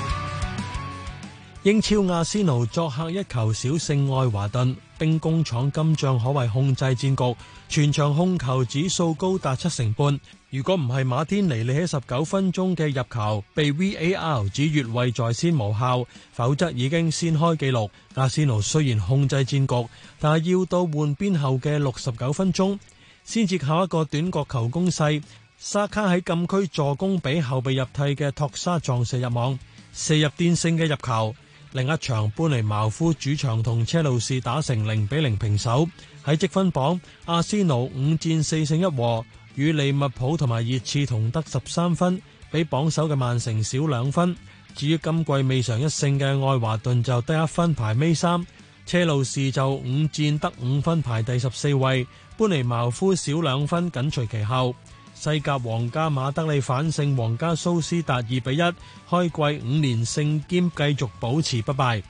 [noise] 英超阿仙奴作客一球小勝愛華頓，兵工廠今仗可謂控制戰局，全場控球指數高達七成半。如果唔係馬天尼利喺十九分鐘嘅入球被 VAR 指越位在先無效，否則已經先開紀錄。阿仙奴雖然控制戰局，但係要到換邊後嘅六十九分鐘，先至下一個短角球攻勢。沙卡喺禁區助攻，俾後備入替嘅托沙撞射入網，射入奠勝嘅入球。另一場般尼茅夫主場同車路士打成零比零平手。喺積分榜，阿仙奴五戰四勝一和。與利物浦同埋熱刺同得十三分，比榜首嘅曼城少兩分。至於今季未嘗一勝嘅愛華頓就得一分排尾三，車路士就五戰得五分排第十四位，班尼茅夫少兩分緊隨其後。西甲皇家馬德里反勝皇家蘇斯達二比一，開季五連勝兼繼續保持不敗。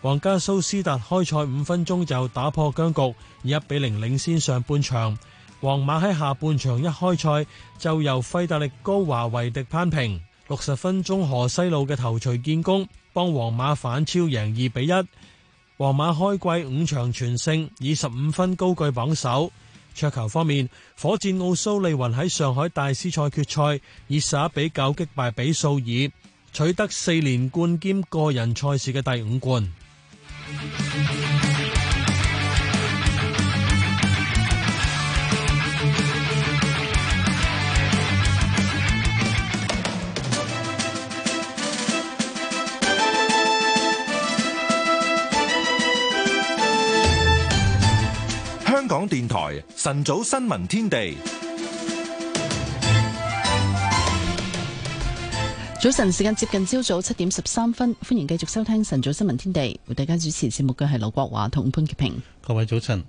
皇家蘇斯達開賽五分鐘就打破僵局，以一比零領先上半場。皇馬喺下半場一開賽就由費德力高華維迪攀平，六十分鐘河西路嘅頭槌建功，幫皇馬反超贏二比一。皇馬開季五場全勝，以十五分高居榜首。桌球方面，火箭奧蘇利雲喺上海大師賽決賽以十一比九擊敗比數爾，取得四連冠兼個人賽事嘅第五冠。
電台晨早新聞天地，
早晨時間接近朝早七點十三分，歡迎繼續收聽晨早新聞天地。為大家主持節目嘅係劉國華
同潘潔平。各位早晨。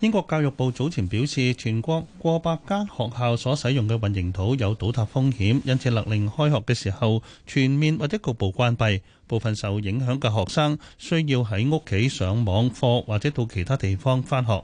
英國教育部，早前表示，全國過百間學校所使用嘅混凝土有倒塌風險，因此勒令開學嘅時候全面或者局部關閉。部分受影響嘅學生需要喺屋企上網課，或者到其他地方翻學。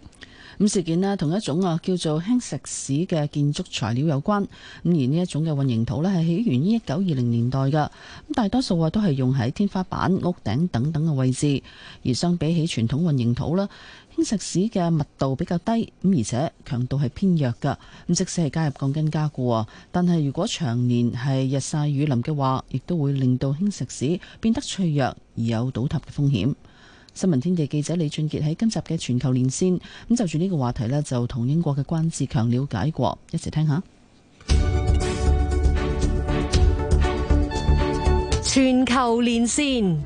咁事件呢，同一種啊叫做輕石屎嘅建築材料有關。咁而呢一種嘅混凝土呢，係起源於一九二零年代嘅。咁大多數啊都係用喺天花板、屋頂等等嘅位置。而相比起傳統混凝土啦，輕石屎嘅密度比較低，咁而且強度係偏弱嘅。咁即使係加入鋼筋加固，但係如果長年係日曬雨淋嘅話，亦都會令到輕石屎變得脆弱，而有倒塌嘅風險。新聞天地記者李俊杰喺今集嘅全球連線，咁就住呢個話題呢就同英國嘅關志強了解過，一齊聽下。全球連線，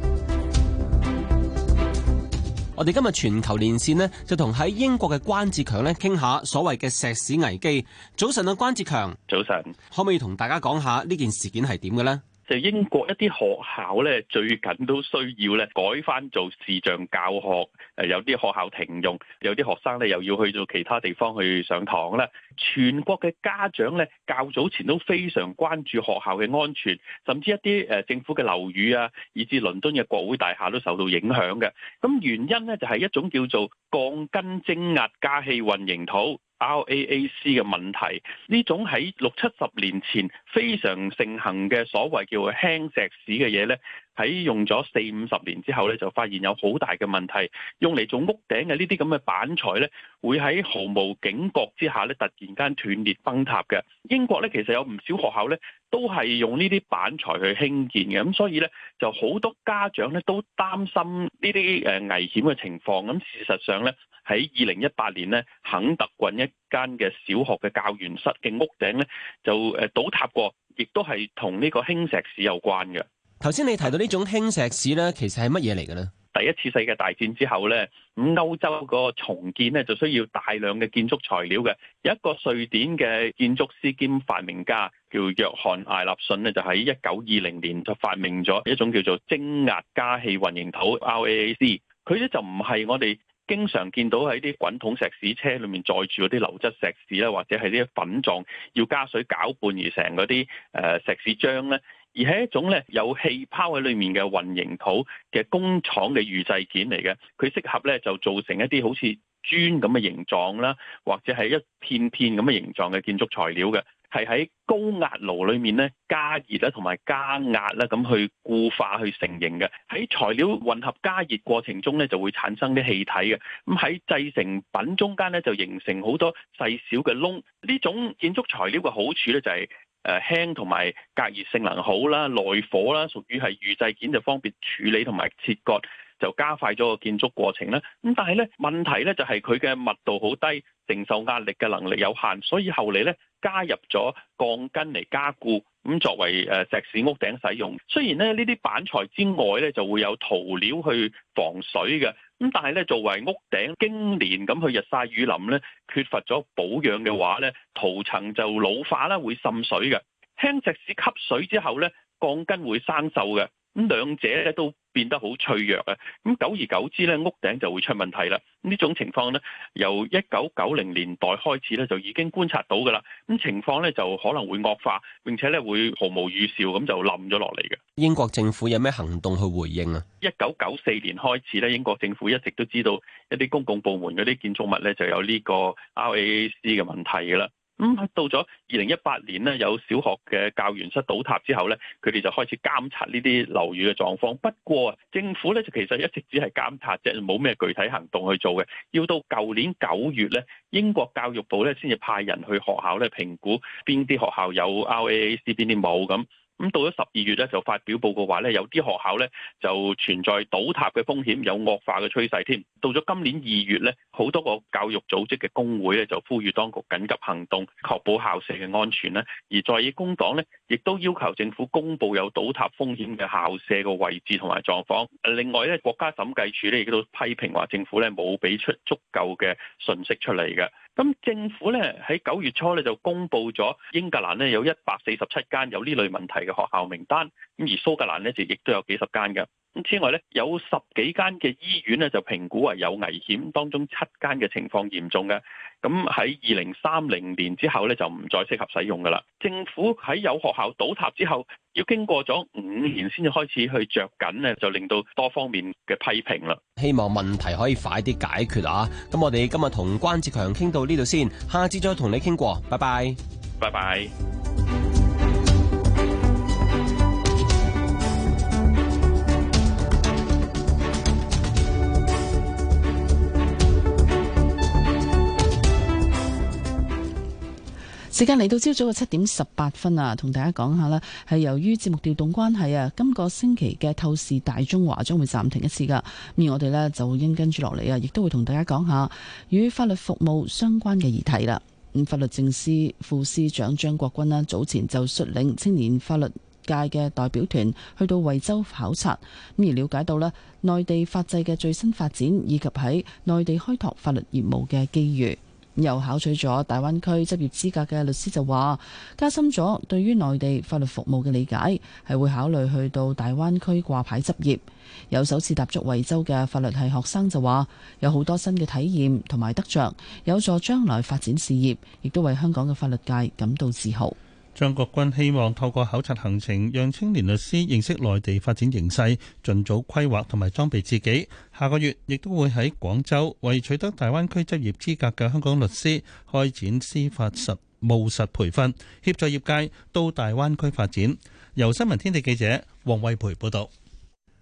我哋今日全球連線呢， [music] 線就同喺英國嘅關志強呢傾下所謂嘅石屎危機。早晨啊，關志強，早晨安，可唔可以同大家講下呢件事件係點嘅呢？就英國
一啲學校咧，最近都需要咧改翻做視像教學，誒、呃、有啲學校停用，有啲學生咧又要去到其他地方去上堂啦。全國嘅家長咧較早前都非常關注學校嘅安全，甚至一啲誒政府嘅樓宇啊，以至倫敦嘅國會大廈都受到影響嘅。咁原因咧就係、是、一種叫做鋼筋蒸壓加氣混凝土。RAAC 嘅問題呢種喺六七十年前非常盛行嘅所謂叫輕石屎嘅嘢咧。喺用咗四五十年之後咧，就發現有好大嘅問題。用嚟做屋頂嘅呢啲咁嘅板材咧，會喺毫無警覺之下咧，突然間斷裂崩塌嘅。英國咧其實有唔少學校咧，都係用呢啲板材去興建嘅。咁所以咧，就好多家長咧都擔心呢啲誒危險嘅情況。咁事實上咧，喺二零一八年咧，肯特郡一間嘅小學嘅教員室嘅屋頂咧，就誒倒塌過，亦都係同呢個輕石屎有關嘅。
頭先你提到呢種輕石屎咧，其實係乜嘢嚟嘅咧？
第一次世界大戰之後咧，咁歐洲嗰個重建咧，就需要大量嘅建築材料嘅。有一個瑞典嘅建築師兼發明家叫約翰艾立信咧，就喺一九二零年就發明咗一種叫做精壓加氣混凝土 （RAC）。佢咧就唔係我哋經常見到喺啲滾筒石屎車裏面載住嗰啲流質石屎咧，或者係啲粉狀要加水攪拌而成嗰啲誒石屎漿咧。而係一種咧有氣泡喺裡面嘅混凝土嘅工廠嘅預製件嚟嘅，佢適合咧就做成一啲好似磚咁嘅形狀啦，或者係一片片咁嘅形狀嘅建築材料嘅，係喺高壓爐裡面咧加熱啦同埋加壓啦咁去固化去成型嘅。喺材料混合加熱過程中咧就會產生啲氣體嘅，咁喺製成品中間咧就形成好多細小嘅窿。呢種建築材料嘅好處咧就係、是。誒，輕同埋隔熱性能好啦，耐火啦，屬於係預製件，就方便處理同埋切割，就加快咗個建築過程啦。咁但係咧問題咧就係佢嘅密度好低，承受壓力嘅能力有限，所以後嚟咧加入咗鋼筋嚟加固，咁作為誒石屎屋頂使用。雖然咧呢啲板材之外咧就會有塗料去防水嘅。咁但係咧，作為屋頂經年咁去日曬雨淋咧，缺乏咗保養嘅話咧，塗層就老化啦，會滲水嘅。輕石屎吸水之後咧，鋼筋會生鏽嘅。咁兩者咧都變得好脆弱啊！咁久而久之咧，屋頂就會出問題啦。呢種情況咧，由一九九零年代開始咧，就已經觀察到噶啦。咁情況咧就可能會惡化，並且咧會毫無預兆咁就冧咗落嚟嘅。
英國政府有咩行動去回應咧？
一九九四年開始咧，英國政府一直都知道一啲公共部門嗰啲建築物咧就有呢個 R A A C 嘅問題噶啦。咁到咗二零一八年咧，有小學嘅教員室倒塌之後咧，佢哋就開始監察呢啲樓宇嘅狀況。不過政府咧就其實一直只係監察啫，冇咩具體行動去做嘅。要到舊年九月咧，英國教育部咧先至派人去學校咧，評估邊啲學校有 R A A C 邊啲冇咁。咁到咗十二月咧，就發表報告話咧，有啲學校咧就存在倒塌嘅風險，有惡化嘅趨勢添。到咗今年二月咧，好多個教育組織嘅工會咧就呼籲當局緊急行動，確保校舍嘅安全咧。而在野工黨咧，亦都要求政府公布有倒塌風險嘅校舍個位置同埋狀況。另外咧，國家審計署咧亦都批評話，政府咧冇俾出足夠嘅信息出嚟嘅。咁政府咧喺九月初咧就公佈咗英格蘭咧有一百四十七間有呢類問題嘅學校名單。咁而蘇格蘭咧就亦都有幾十間嘅。咁之外咧，有十幾間嘅醫院咧就評估為有危險，當中七間嘅情況嚴重嘅。咁喺二零三零年之後咧就唔再適合使用噶啦。政府喺有學校倒塌之後，要經過咗五年先至開始去着緊咧，就令到多方面嘅批評啦。
希望問題可以快啲解決啊！咁我哋今日同關志強傾到呢度先，下次再同你傾過。拜拜，
拜拜。
時間嚟到朝早嘅七點十八分啊，同大家講下啦，係由於節目調動關係啊，今個星期嘅透視大中華將會暫停一次噶。咁而我哋呢，就應跟住落嚟啊，亦都會同大家講下與法律服務相關嘅議題啦。咁法律政司副司長張國鈞啊，早前就率領青年法律界嘅代表團去到惠州考察，咁而了解到呢，內地法制嘅最新發展以及喺內地開拓法律業務嘅機遇。又考取咗大灣區執業資格嘅律師就話，加深咗對於內地法律服務嘅理解，係會考慮去到大灣區掛牌執業。有首次踏足惠州嘅法律系學生就話，有好多新嘅體驗同埋得着，有助將來發展事業，亦都為香港嘅法律
界感到自豪。張國軍希望透過考察行程，讓青年律師認識內地發展形勢，盡早規劃同埋裝備自己。下個月亦都會喺廣州為取得大灣區執業資格嘅香港律師開展司法實務實培訓，協助業界到大灣區發展。由新聞天地記者黃慧培報道。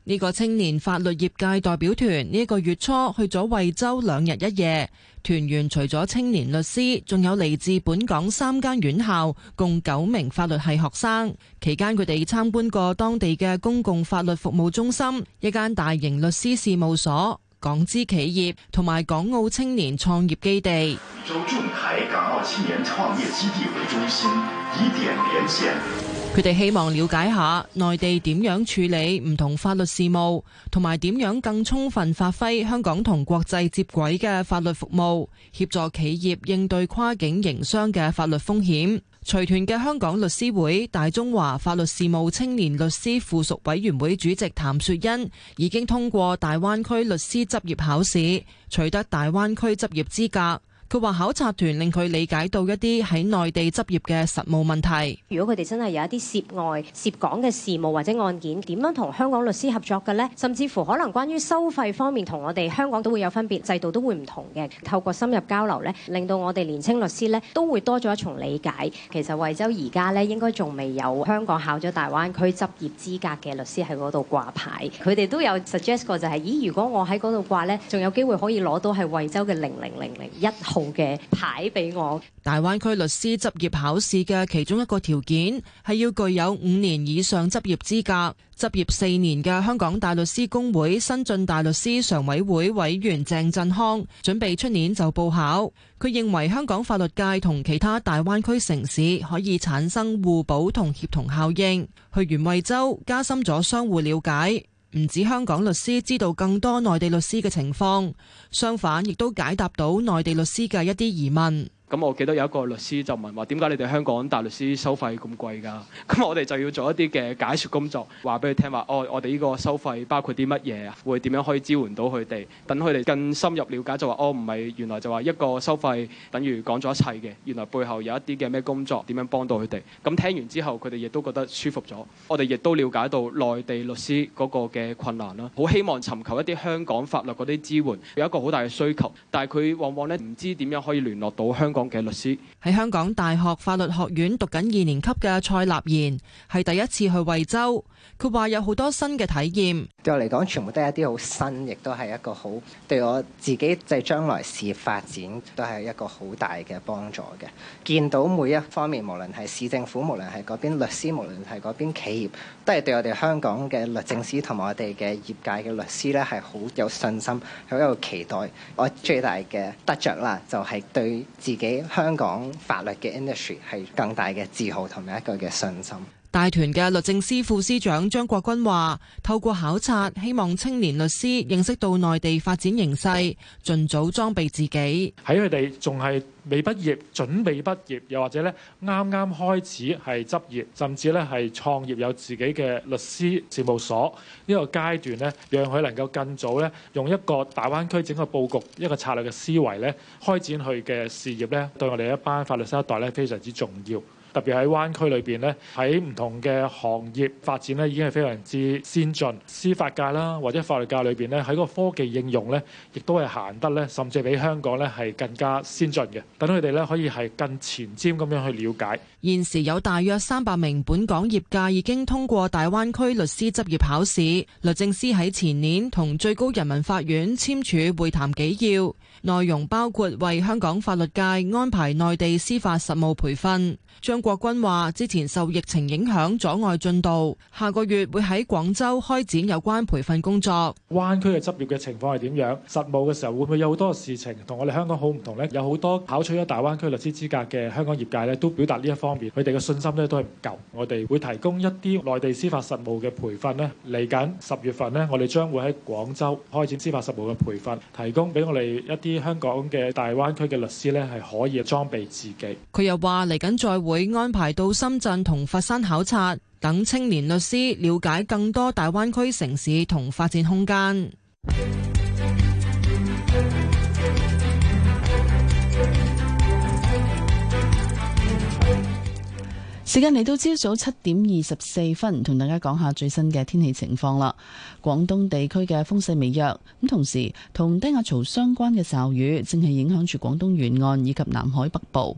呢個青年法律業界代表團呢個月初去咗惠州兩日一夜。團員除咗青年律師，仲有嚟自本港三間院校，共九名法律系學生。期間佢哋參觀過當地嘅公共法律服務中心、一間大型律師事務所、港資企業同埋港澳青年創業基地。以廣
州仲愷港澳青年創業基地為中心，以點連線。
佢哋希望了解下內地點樣處理唔同法律事務，同埋點樣更充分發揮香港同國際接軌嘅法律服務，協助企業應對跨境營商嘅法律風險。隨團嘅香港律師會大中華法律事務青年律師附屬委員會主席譚雪欣已經通過大灣區律師執業考試，取得大灣區執業資格。佢話考察團令佢理解到一啲喺內地執業嘅實務問題。
如果佢哋真係有一啲涉外涉港嘅事務或者案件，點樣同香港律師合作嘅呢？甚至乎可能關於收費方面，同我哋香港都會有分別，制度都會唔同嘅。透過深入交流呢，令到我哋年青律師呢都會多咗一重理解。其實惠州而家呢，應該仲未有香港考咗大灣區執業資格嘅律師喺嗰度掛牌，佢哋都有 suggest 過就係、是：咦，如果我喺嗰度掛呢，仲有機會可以攞到係惠州嘅零零零零一號。
嘅牌俾我。大灣區律師執業考試嘅其中一個條件係要具有五年以上執業資格。執業四年嘅香港大律師公會新晉大律師常委會委員鄭振康準備出年就報考。佢認為香港法律界同其他大灣區城市可以產生互補同協同效應，去完惠州，加深咗相互了解。唔止香港律師知道更多內地律師嘅情況，相反亦都解答到內地律師嘅一啲疑問。
咁我記得有一個律師就問話點解你哋香港大律師收費咁貴㗎？咁我哋就要做一啲嘅解說工作，話俾佢聽話哦，我哋呢個收費包括啲乜嘢啊？會點樣可以支援到佢哋？等佢哋更深入了解就，就話哦，唔係原來就話一個收費等於講咗一切嘅，原來背後有一啲嘅咩工作，點樣幫到佢哋？咁聽完之後佢哋亦都覺得舒服咗。我哋亦都了解到內地律師嗰個嘅困難啦，好希望尋求一啲香港法律嗰啲支援，有一個好大嘅需求，但係佢往往咧唔知點樣可以聯絡到香港嘅律師
喺香港大學法律學院讀緊二年級嘅蔡立賢，係第一次去惠州。佢話有
好多新嘅體驗，對我嚟講，全部都係一啲好新，亦都係一個好對我自己即係將來事業發展都係一個好大嘅幫助嘅。見到每一方面，無論係市政府，無論係嗰邊律師，無論係嗰邊企業，都係對我哋香港嘅律政司同埋我哋嘅業界嘅律師咧係好有信心，係一個期待。我最大嘅得着啦，就係、是、對自己香港法律嘅 industry 係更大嘅自豪同埋一個嘅信心。
大團嘅律政司副司長張國鈞話，透過考察，希望青年律師認識到內地發展形勢，
盡早裝備自己。喺佢哋仲係未畢業、準備畢業，又或者咧啱啱開始係執業，甚至咧係創業，有自己嘅律師事務所、這個、階呢個階段咧，讓佢能夠更早咧用一個大灣區整個佈局、一個策略嘅思維咧，開展佢嘅事業咧，對我哋一班法律新一代咧，非常之重要。特別喺灣區裏邊咧，喺唔同嘅行業發展咧，已經係非常之先進。司法界啦，或者法律界裏邊咧，喺個科技應用咧，亦都係行得咧，甚至比香港咧係更加先進嘅。等佢哋咧可以係更前瞻咁樣去了解。
現時有大約三百名本港業界已經通過大灣區律師執業考試。律政司喺前年同最高人民法院簽署會談紀要，內容包括為香港法律界安排內地司法實務培訓。張國鈞話：之前受疫情影響阻礙進度，下個月會喺廣
州開展有關培訓工作。灣區嘅執業嘅情況係點樣？實務嘅時候會唔會有好多事情同我哋香港好唔同呢？有好多考取咗大灣區律師資格嘅香港業界咧，都表達呢一方。方面，佢哋嘅信心咧都係唔夠，我哋會提供一啲內地司法實務嘅培訓咧。嚟緊十月份咧，我哋將會喺廣州開展司法實務嘅培訓，提供俾我哋一啲香港嘅大灣區嘅律師咧，係可以裝備自己。
佢又話嚟緊再會安排到深圳同佛山考察，等青年律師了解更多大灣區城市同發展空間。
時間嚟到朝早七點二十四分，同大家講下最新嘅天氣情況啦。廣東地區嘅風勢微弱，咁同時同低壓槽相關嘅驟雨，正係影響住廣東沿岸以及南海北部。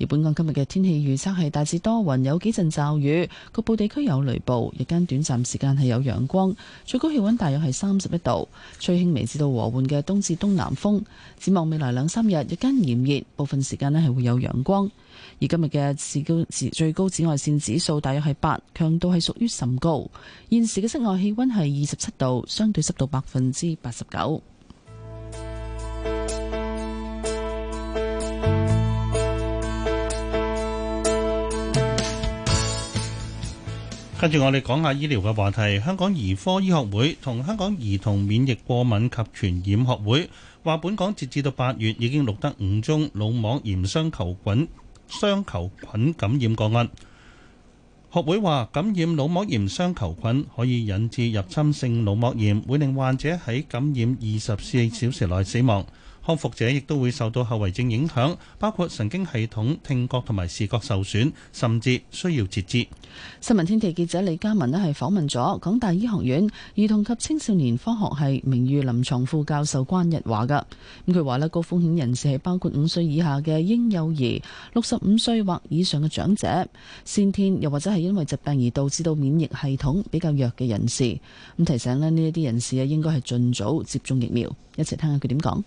而本港今日嘅天氣預測係大致多雲，有幾陣驟雨，局部地區有雷暴。日間短暫時間係有陽光，最高氣温大約係三十一度，吹輕微至到和緩嘅東至東南風。展望未來兩三日，日間炎熱，部分時間咧係會有陽光。而今日嘅最高紫外線指數大約係八，強度係屬於甚高。現時嘅室外氣溫係二十七度，相對濕度百分之八十九。
跟住我哋講下醫療嘅話題。香港兒科醫學會同香港兒童免疫過敏及傳染學會話，本港截至到八月已經錄得五宗腦膜炎雙球菌。雙球菌感染個案，學會話，感染腦膜炎雙球菌可以引致入侵性腦膜炎，會令患者喺感染二十四小時內死亡。康復者亦都會受到後遺症影響，包括神經系統、聽覺同埋視覺受損，甚至需要截肢。
新聞天地記者李嘉文咧係訪問咗港大醫學院兒童及青少年科學系名譽臨牀副教授關日華噶，咁，佢話咧高風險人士係包括五歲以下嘅嬰幼兒、六十五歲或以上嘅長者、先天又或者係因為疾病而導致到免疫系統比較弱嘅人士。咁提醒咧呢一啲人士咧應該係盡早接種疫苗。一齊聽下佢點講。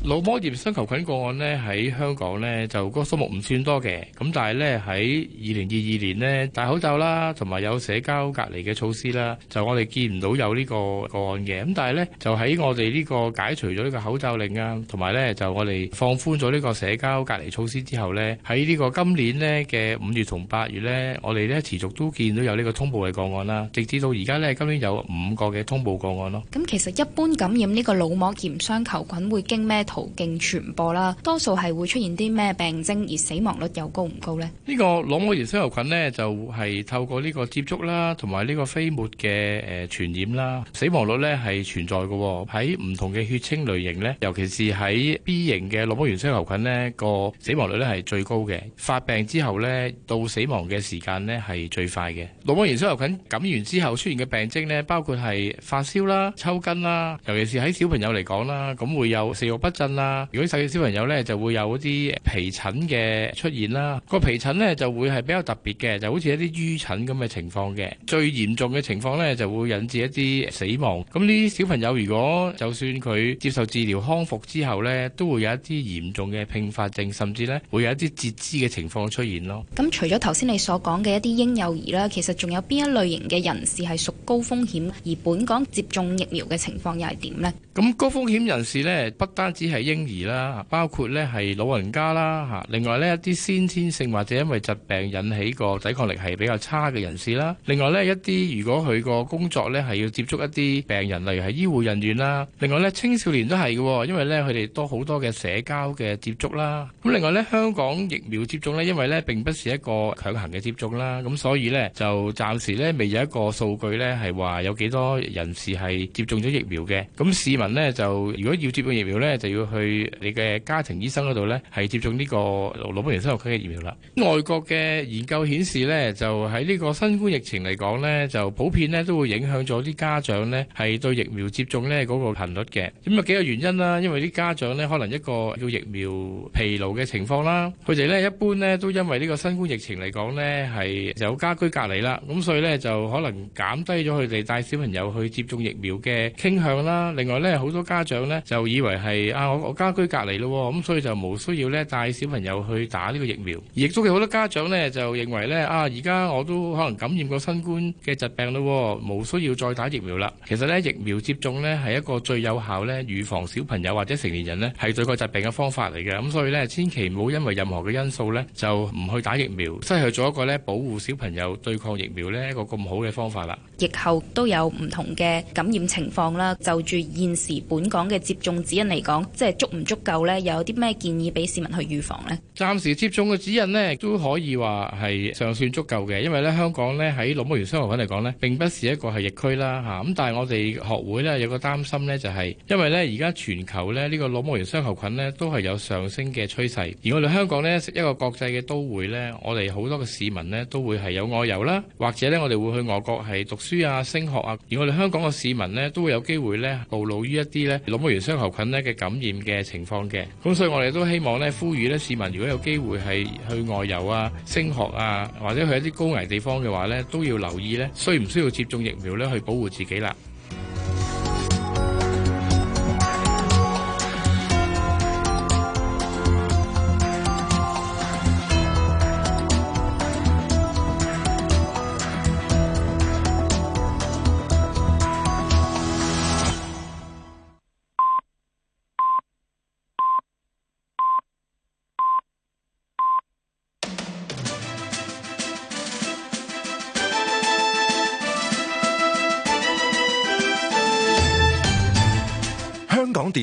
腦膜炎雙球菌個案呢喺香港呢就個數目唔算多嘅，咁但係呢喺二零二二年呢戴口罩啦，同埋有社交隔離嘅措施啦，就我哋見唔到有呢個個案嘅。咁但係呢就喺我哋呢個解除咗呢個口罩令啊，同埋呢就我哋放寬咗呢個社交隔離措施之後呢，喺呢個今年呢嘅五月同八月呢，我哋呢持續都見到有呢個通報嘅個案啦，直至到而家呢今年有五個嘅通報個案咯。
咁其實一般感染呢個腦膜炎雙球菌會經咩途徑傳播啦，多數係會出現啲咩病徵，而死亡率又高唔高呢？
呢個腦膜炎雙球菌呢，就係透過呢個接觸啦，同埋呢個飛沫嘅誒傳染啦。死亡率呢係存在嘅喎，喺唔同嘅血清類型呢，尤其是喺 B 型嘅腦膜炎雙球菌呢，個死亡率呢係最高嘅。發病之後呢，到死亡嘅時間呢係最快嘅。腦膜炎雙球菌感染之後出現嘅病徵呢，包括係發燒啦、抽筋啦，尤其是喺小朋友嚟講啦，咁會有四慾不真啦，如果細嘅小朋友咧，就會有啲皮疹嘅出現啦。個皮疹咧就會係比較特別嘅，就好似一啲淤疹咁嘅情況嘅。最嚴重嘅情況咧就會引致一啲死亡。咁呢啲小朋友如果就算佢接受治療康復之後咧，都會有一啲嚴重嘅併發症，甚至咧會有一啲截肢嘅情況出現咯。
咁除咗頭先你所講嘅一啲嬰幼兒啦，其實仲有邊一類型嘅人士係屬高風險？而本港接種疫苗嘅情況又係點呢？
咁高風險人士咧，不單止係嬰兒啦，包括咧係老人家啦，吓，另外咧一啲先天性或者因為疾病引起個抵抗力係比較差嘅人士啦。另外咧一啲如果佢個工作咧係要接觸一啲病人，例如係醫護人員啦。另外咧青少年都係嘅，因為咧佢哋多好多嘅社交嘅接觸啦。咁另外咧香港疫苗接種咧，因為咧並不是一個強行嘅接種啦，咁所以咧就暫時咧未有一個數據咧係話有幾多人士係接種咗疫苗嘅。咁市民咧就如果要接種疫苗咧就要。要去你嘅家庭醫生嗰度咧，係接種呢個攞不原生骨菌嘅疫苗啦。外國嘅研究顯示咧，就喺呢個新冠疫情嚟講咧，就普遍咧都會影響咗啲家長咧係對疫苗接種咧嗰個頻率嘅。咁有幾個原因啦，因為啲家長咧可能一個叫疫苗疲勞嘅情況啦，佢哋咧一般咧都因為呢個新冠疫情嚟講咧係有家居隔離啦，咁所以咧就可能減低咗佢哋帶小朋友去接種疫苗嘅傾向啦。另外咧好多家長咧就以為係。啊！我我家居隔離咯，咁所以就冇需要咧帶小朋友去打呢個疫苗。而亦都有好多家長咧就認為咧啊，而家我都可能感染過新冠嘅疾病咯，冇需要再打疫苗啦。其實咧疫苗接種咧係一個最有效咧預防小朋友或者成年人咧係對個疾病嘅方法嚟嘅。咁所以咧千祈唔好因為任何嘅因素咧就唔去打疫苗，失去咗一個咧保護小朋友對抗疫苗咧一個咁好嘅方法啦。
疫後都有唔同嘅感染情況啦。就住現時本港嘅接種指引嚟講。即係足唔足夠咧？又有啲咩建議俾市民去預防咧？
暫時接種嘅指引咧，都可以話係尚算足夠嘅，因為咧香港咧喺腦膜炎雙球菌嚟講咧，並不是一個係疫區啦嚇。咁但係我哋學會咧有個擔心咧，就係因為咧而家全球咧呢個腦膜炎雙球菌咧都係有上升嘅趨勢。而我哋香港咧一個國際嘅都會咧，我哋好多嘅市民咧都會係有外遊啦，或者咧我哋會去外國係讀書啊、升學啊。而我哋香港嘅市民咧都會有機會咧暴露於一啲咧腦膜炎雙球菌咧嘅感染嘅情況嘅，咁所以我哋都希望咧，呼籲咧市民，如果有機會係去外遊啊、升學啊，或者去一啲高危地方嘅話咧，都要留意咧，需唔需要接種疫苗咧，去保護自己啦。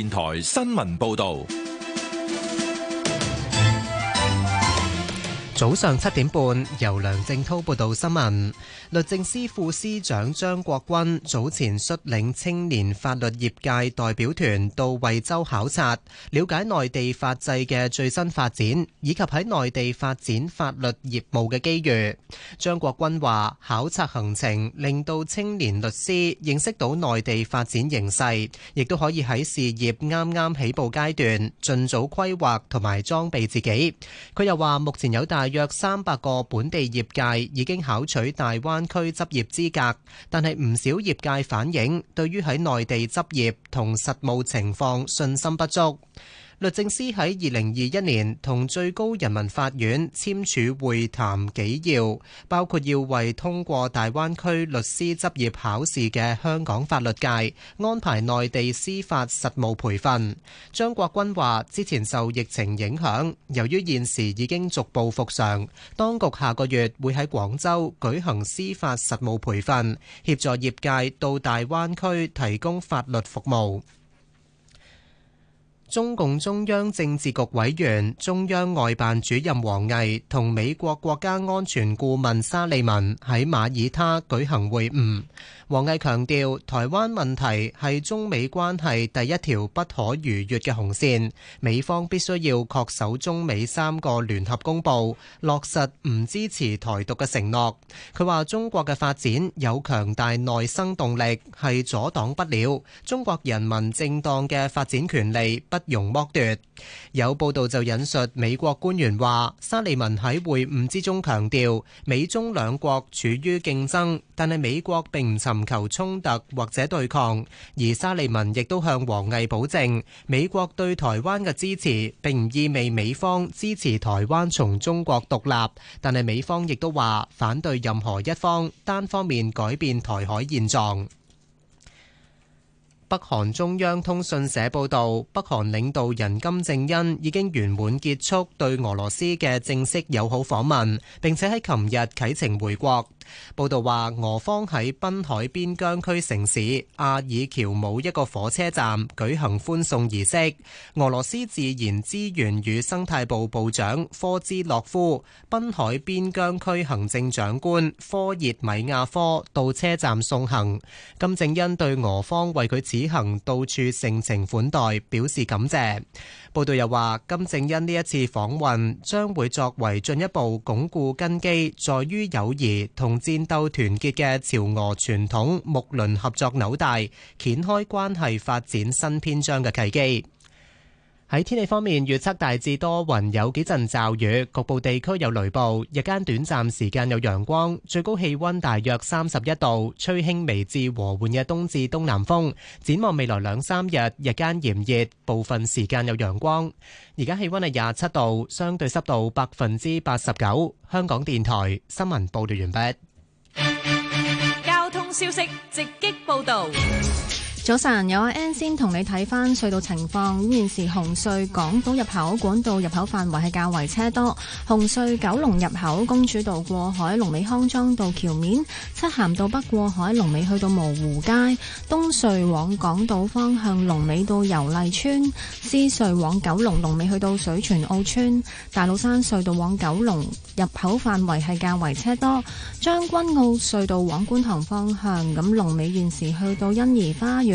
電台新聞報道。
早上七點半，由梁正滔報道新聞。律政司副司長張國鈞早前率領青年法律業界代表團到惠州考察，了解內地法制嘅最新發展，以及喺內地發展法律業務嘅機遇。張國鈞話：考察行程令到青年律師認識到內地發展形勢，亦都可以喺事業啱啱起步階段，盡早規劃同埋裝備自己。佢又話：目前有大大約三百個本地業界已經考取大灣區執業資格，但係唔少業界反映，對於喺內地執業同實務情況信心不足。律政司喺二零二一年同最高人民法院簽署會談紀要，包括要為通過大灣區律師執業考試嘅香港法律界安排內地司法實務培訓。張國軍話：之前受疫情影響，由於現時已經逐步復常，當局下個月會喺廣州舉行司法實務培訓，協助業界到大灣區提供法律服務。中共中央政治局委員、中央外辦主任王毅同美國國家安全顧問沙利文喺馬耳他舉行會晤。王毅強調，台灣問題係中美關係第一條不可逾越嘅紅線，美方必須要確守中美三個聯合公報落實唔支持台獨嘅承諾。佢話中國嘅發展有強大內生動力，係阻擋不了，中國人民正當嘅發展權利。不容剝奪。有報道就引述美國官員話，沙利文喺會晤之中強調，美中兩國處於競爭，但係美國並唔尋求衝突或者對抗。而沙利文亦都向王毅保證，美國對台灣嘅支持，並唔意味美方支持台灣從中國獨立。但係美方亦都話，反對任何一方單方面改變台海現狀。北韓中央通訊社報道，北韓領導人金正恩已經圓滿結束對俄羅斯嘅正式友好訪問，並且喺琴日啟程回國。報道話，俄方喺濱海邊疆區城市阿爾喬姆一個火車站舉行歡送儀式。俄羅斯自然資源與生態部部長科茲洛夫、濱海邊疆區行政長官科熱米亞科到車站送行。金正恩對俄方為佢此行到處盛情款待表示感謝。報道又話，金正恩呢一次訪問將會作為進一步鞏固根基，在於友誼同戰鬥團結嘅朝俄傳統睦鄰合作紐帶，掀開關係發展新篇章嘅契機。喺天氣方面，預測大致多雲，有幾陣驟雨，局部地區有雷暴，日間短暫時間有陽光，最高氣溫大約三十一度，吹輕微至和緩嘅東至東南風。展望未來兩三日，日間炎熱，部分時間有陽光。而家氣溫係廿七度，相對濕度百分之八十九。香港電台新聞報道完畢。
交通消息直擊報道。
早晨，有阿 N 先同你睇翻隧道情況。現時紅隧港島入口管道入口範圍係較為車多。紅隧九龍入口公主道過海、龍尾康莊道橋面、漆咸道北過海、龍尾去到蕪湖街。東隧往港島方向龍尾到油麗邨，獅隧往九龍龍尾去到水泉澳村。大老山隧道往九龍入口範圍係較為車多。將軍澳隧道往觀塘方向咁龍尾現時去到欣怡花園。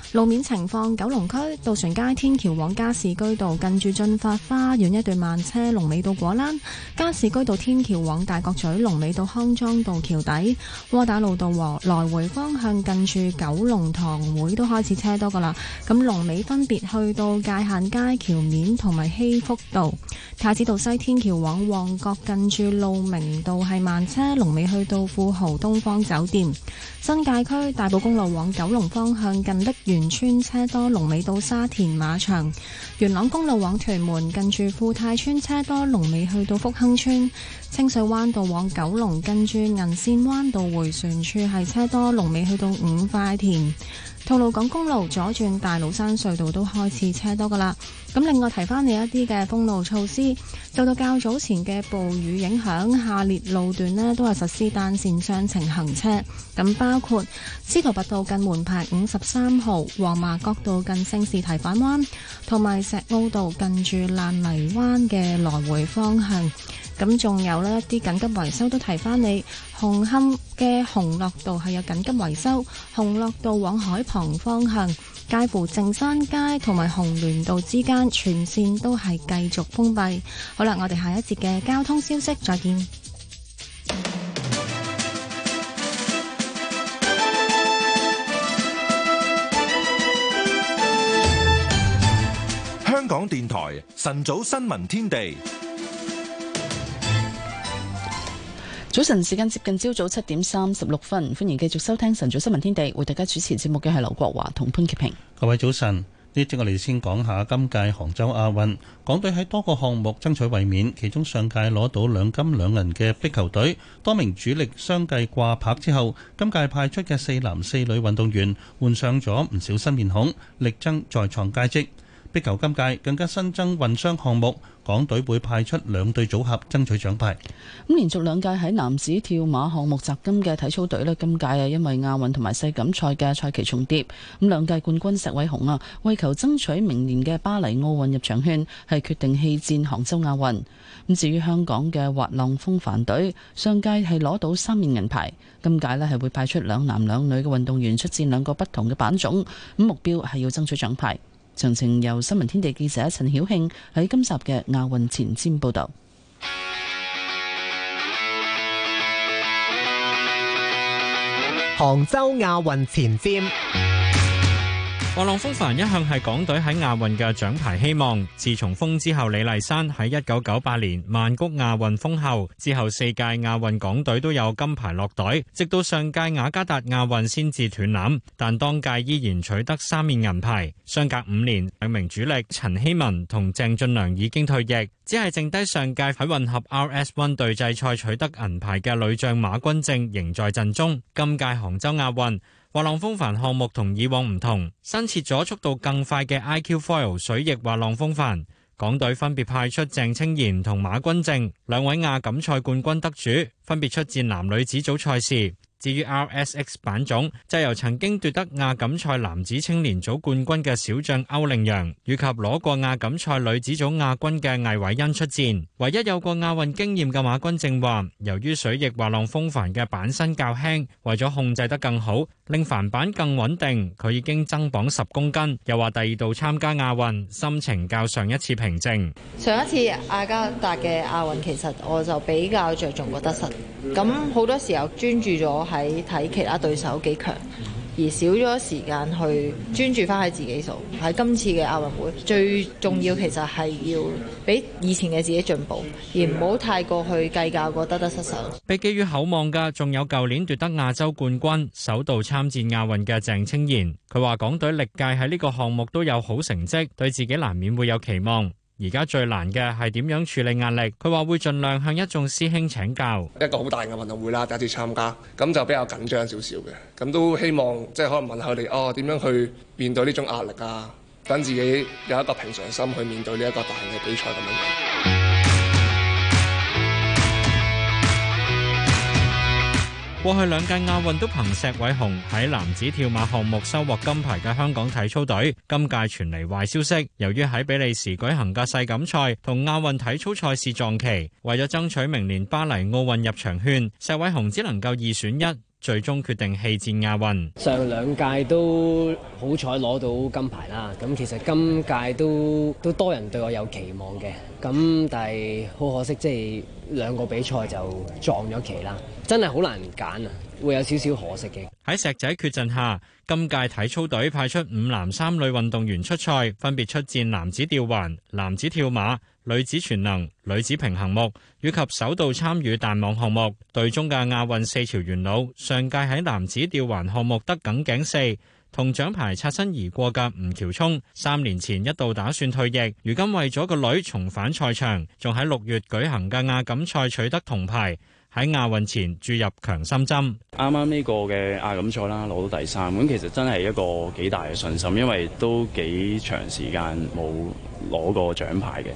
路面情況，九龍區渡船街天橋往加士居道近住進發花園一段慢車，龍尾到果欄；加士居道天橋往大角咀龍尾到康莊道橋底，窩打老道和來回方向近住九龍塘會都開始車多㗎喇。咁龍尾分別去到界限街橋面同埋希福道，太子道西天橋往旺角近住路明道係慢車，龍尾去到富豪東方酒店。新界區大埔公路往九龍方向近碧園村車多龍尾到沙田馬場，元朗公路往屯門近住富泰村車多龍尾去到福亨村，清水灣道往九龍近住銀線灣道回旋處係車多龍尾去到五塊田。吐露港公路左轉大老山隧道都開始車多噶啦，咁另外提翻你一啲嘅封路措施，受到較早前嘅暴雨影響，下列路段呢都係實施單線雙程行車，咁包括司徒拔道近門牌五十三號、黃麻角道近聖士提反灣，同埋石澳道近住爛泥灣嘅來回方向。咁仲有呢，一啲緊急維修都提翻你。紅磡嘅紅樂道係有緊急維修，紅樂道往海旁方向，介乎正山街同埋紅聯道之間，全線都係繼續封閉。好啦，我哋下一節嘅交通消息，再見。
香港電台晨早新聞天地。
早晨，時間接近朝早七點三十六分，歡迎繼續收聽晨早新聞天地。為大家主持節目嘅係劉國華同潘潔平。
各位早晨，呢一節我哋先講下今屆杭州亞運，港隊喺多個項目爭取衛冕，其中上屆攞到兩金兩銀嘅壁球隊，多名主力相繼掛拍之後，今屆派出嘅四男四女運動員換上咗唔少新面孔，力爭再創佳績。壁球今屆更加新增運雙項目。港隊會派出兩隊組合爭取獎牌。
連續兩屆喺男子跳馬項目摘金嘅體操隊咧，今屆啊因為亞運同埋世錦賽嘅賽期重疊，咁兩屆冠軍石偉雄啊，為求爭取明年嘅巴黎奧運入場券，係決定棄戰杭州亞運。咁至於香港嘅滑浪風帆隊，上屆係攞到三面銀牌，今屆咧係會派出兩男兩女嘅運動員出戰兩個不同嘅板種，咁目標係要爭取獎牌。詳情由新聞天地記者陳曉慶喺今集嘅亞運前瞻報道。
杭州亞運前瞻。
王浪滑浪風帆一向係港隊喺亞運嘅獎牌希望。自從封之後，李麗珊喺一九九八年曼谷亞運封後，之後四屆亞運港隊都有金牌落袋，直到上屆雅加達亞運先至斷纜。但當屆依然取得三面銀牌。相隔五年，兩名主力陳希文同鄭俊良已經退役，只係剩低上屆喺混合 RS1 隊制賽取得銀牌嘅女將馬君正仍在陣中。今屆杭州亞運。滑浪風帆項目同以往唔同，新設咗速度更快嘅 IQ foil 水翼滑浪風帆。港隊分別派出鄭清然同馬君正兩位亞錦賽冠軍得主，分別出戰男女子組賽事。至於 RSX 板種，就由曾經奪得亞錦賽男子青年組冠軍嘅小將歐令陽，以及攞過亞錦賽女子組亞軍嘅魏偉恩出戰。唯一有過亞運經驗嘅馬君正話，由於水翼滑浪風帆嘅板身較輕，為咗控制得更好，令帆板更穩定，佢已經增磅十公斤。又話第二度參加亞運，心情較上一次平靜。
上一次雅加達嘅亞運其實我就比較著重覺得實，咁好多時候專注咗。睇睇其他對手幾強，而少咗時間去專注翻喺自己數，喺今次嘅亞運會最重要其實，係要比以前嘅自己進步，而唔好太過去計較過得得失失。
被寄予厚望噶，仲有舊年奪得亞洲冠軍首度參戰亞運嘅鄭清賢。佢話港隊歷屆喺呢個項目都有好成績，對自己難免會有期望。而家最難嘅係點樣處理壓力，佢話會盡量向一眾師兄請教。
一個好大嘅運動會啦，第一次參加，咁就比較緊張少少嘅，咁都希望即係可能問下佢哋哦，點樣去面對呢種壓力啊？等自己有一個平常心去面對呢一個大型嘅比賽咁樣。
過去兩屆亞運都憑石偉雄喺男子跳馬項目收穫金牌嘅香港體操隊，今屆傳嚟壞消息，由於喺比利時舉行嘅世錦賽同亞運體操賽事撞期，為咗爭取明年巴黎奧運入場券，石偉雄只能夠二選一。最終決定棄戰亞運。
上兩屆都好彩攞到金牌啦，咁其實今屆都都多人對我有期望嘅，咁但係好可惜，即係兩個比賽就撞咗期啦，真係好難揀啊，會有少少可惜嘅。
喺石仔缺陣下，今屆體操隊派出五男三女運動員出賽，分別出戰男子吊環、男子跳馬。女子全能、女子平衡木以及首度參與彈網項目，隊中嘅亞運四朝元老，上屆喺男子吊環項目得緊頸四，同獎牌擦身而過嘅吳橋聰，三年前一度打算退役，如今為咗個女重返賽場，仲喺六月舉行嘅亞錦賽取得銅牌。喺亞運前注入強心針，
啱啱呢個嘅亞錦賽啦，攞到第三，咁其實真係一個幾大嘅信心，因為都幾長時間冇攞過獎牌嘅。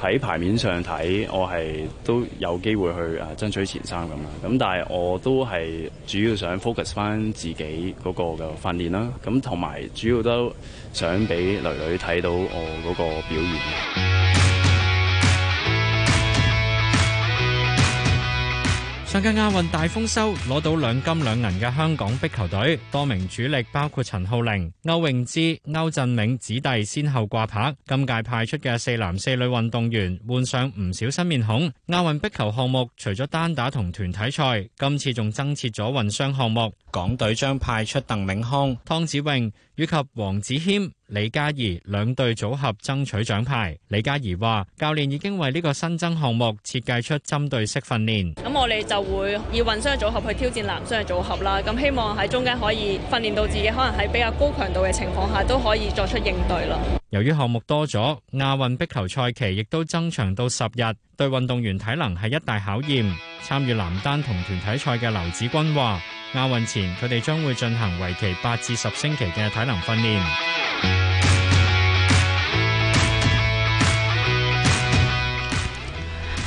喺牌面上睇，我係都有機會去誒爭取前三咁啦。咁但係我都係主要想 focus 翻自己嗰個嘅訓練啦。咁同埋主要都想俾女女睇到我嗰個表現。
上屆亞運大豐收，攞到兩金兩銀嘅香港壁球隊，多名主力包括陳浩玲、歐泳芝、歐振銘子弟先後掛牌。今屆派出嘅四男四女運動員，換上唔少新面孔。亞運壁球項目除咗單打同團體賽，今次仲增設咗混雙項目。港隊將派出鄧永康、湯子泳以及王子謙、李嘉怡兩隊組合爭取獎牌。李嘉怡話：教練已經為呢個新增項目設計出針對式訓練。
咁我哋就會以混雙嘅組合去挑戰男雙嘅組合啦。咁希望喺中間可以訓練到自己，可能喺比較高強度嘅情況下都可以作出應對啦。
由於項目多咗，亞運壁球賽期亦都增長到十日，對運動員體能係一大考驗。參與男單同團體賽嘅劉子君話，亞運前佢哋將會進行為期八至十星期嘅體能訓練。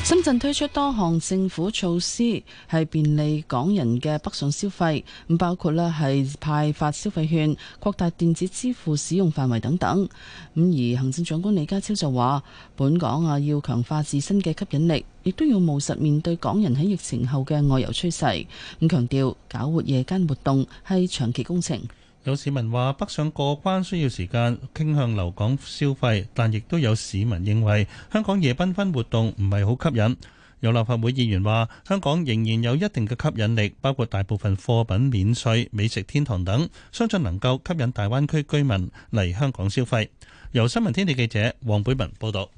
深圳推出多項政府措施，係便利港人嘅北上消費，咁包括啦，係派發消費券、擴大電子支付使用範圍等等。咁而行政長官李家超就話，本港啊，要強化自身嘅吸引力，亦都要務實面對港人喺疫情後嘅外遊趨勢，咁強調搞活夜間活動，係長期工程。
有市民話北上過關需要時間，傾向留港消費，但亦都有市民認為香港夜繽紛活動唔係好吸引。有立法會議員話香港仍然有一定嘅吸引力，包括大部分貨品免稅、美食天堂等，相信能夠吸引大灣區居民嚟香港消費。由新聞天地記者黃貝文報道。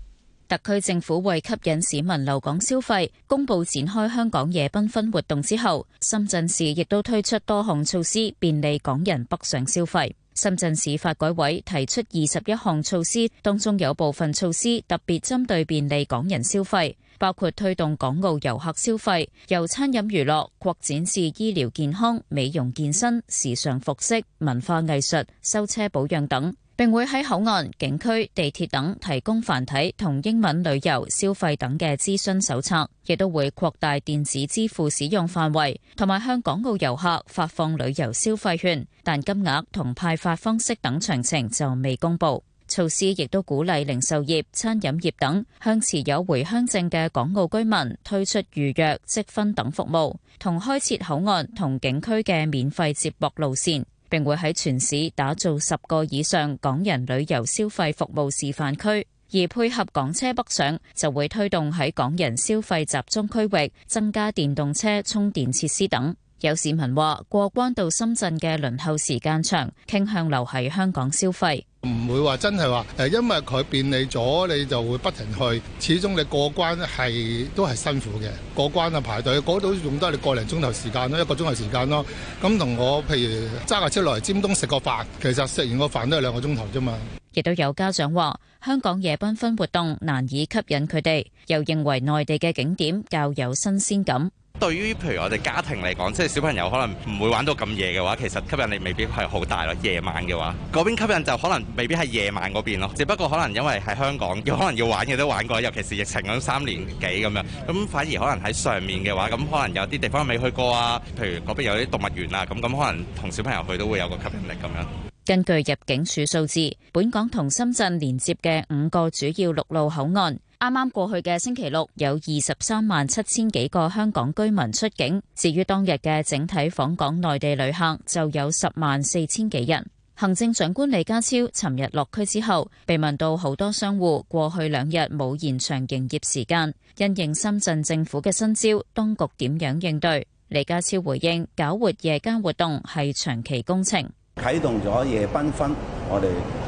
特區政府為吸引市民留港消費，公布展開香港夜繽紛活動之後，深圳市亦都推出多項措施便利港人北上消費。深圳市發改委提出二十一項措施，當中有部分措施特別針對便利港人消費，包括推動港澳遊客消費，由餐飲娛樂擴展至醫療健康、美容健身、時尚服飾、文化藝術、修車保養等。並會喺口岸、景區、地鐵等提供繁體同英文旅遊消費等嘅諮詢手冊，亦都會擴大電子支付使用範圍，同埋向港澳遊客發放旅遊消費券，但金額同派發方式等詳情就未公布。措施亦都鼓勵零售業、餐飲業等向持有回鄉證嘅港澳居民推出預約、積分等服務，同開設口岸同景區嘅免費接駁路線。並會喺全市打造十個以上港人旅遊消費服務示範區，而配合港車北上，就會推動喺港人消費集中區域，增加電動車充電設施等。有市民話：過關到深圳嘅輪候時間長，傾向留喺香港消費。
唔會話真係話誒，因為佢便利咗，你就會不停去。始終你過關係都係辛苦嘅，過關啊排隊嗰度用得你個零鐘頭時間咯、啊，一個鐘頭時,時間咯。咁同我譬如揸架車來尖東食個飯，其實食完個飯都係兩個鐘頭啫嘛。
亦都有家長話：香港夜繽紛活動難以吸引佢哋，又認為內地嘅景點較有新鮮感。
對於譬如我哋家庭嚟講，即係小朋友可能唔會玩到咁夜嘅話，其實吸引力未必係好大咯。
夜晚嘅話，嗰邊吸引就可能未必係夜晚嗰邊咯。只不過可能因為喺香港，有可能要玩嘅都玩過，尤其是疫情咁三年幾咁樣，咁反而可能喺上面嘅話，咁可能有啲地方未去過啊。譬如嗰邊有啲動物園啊，咁咁可能同小朋友去都會有個吸引力咁樣。
根據入境署數字，本港同深圳連接嘅五個主要陸路口岸。啱啱過去嘅星期六，有二十三萬七千幾個香港居民出境。至於當日嘅整體訪港內地旅客，就有十萬四千幾人。行政長官李家超尋日落區之後，被問到好多商戶過去兩日冇延長營業時間，因應深圳政府嘅新招，當局點樣應對？李家超回應：搞活夜間活動係長期工程，
啟動咗夜繽紛，我哋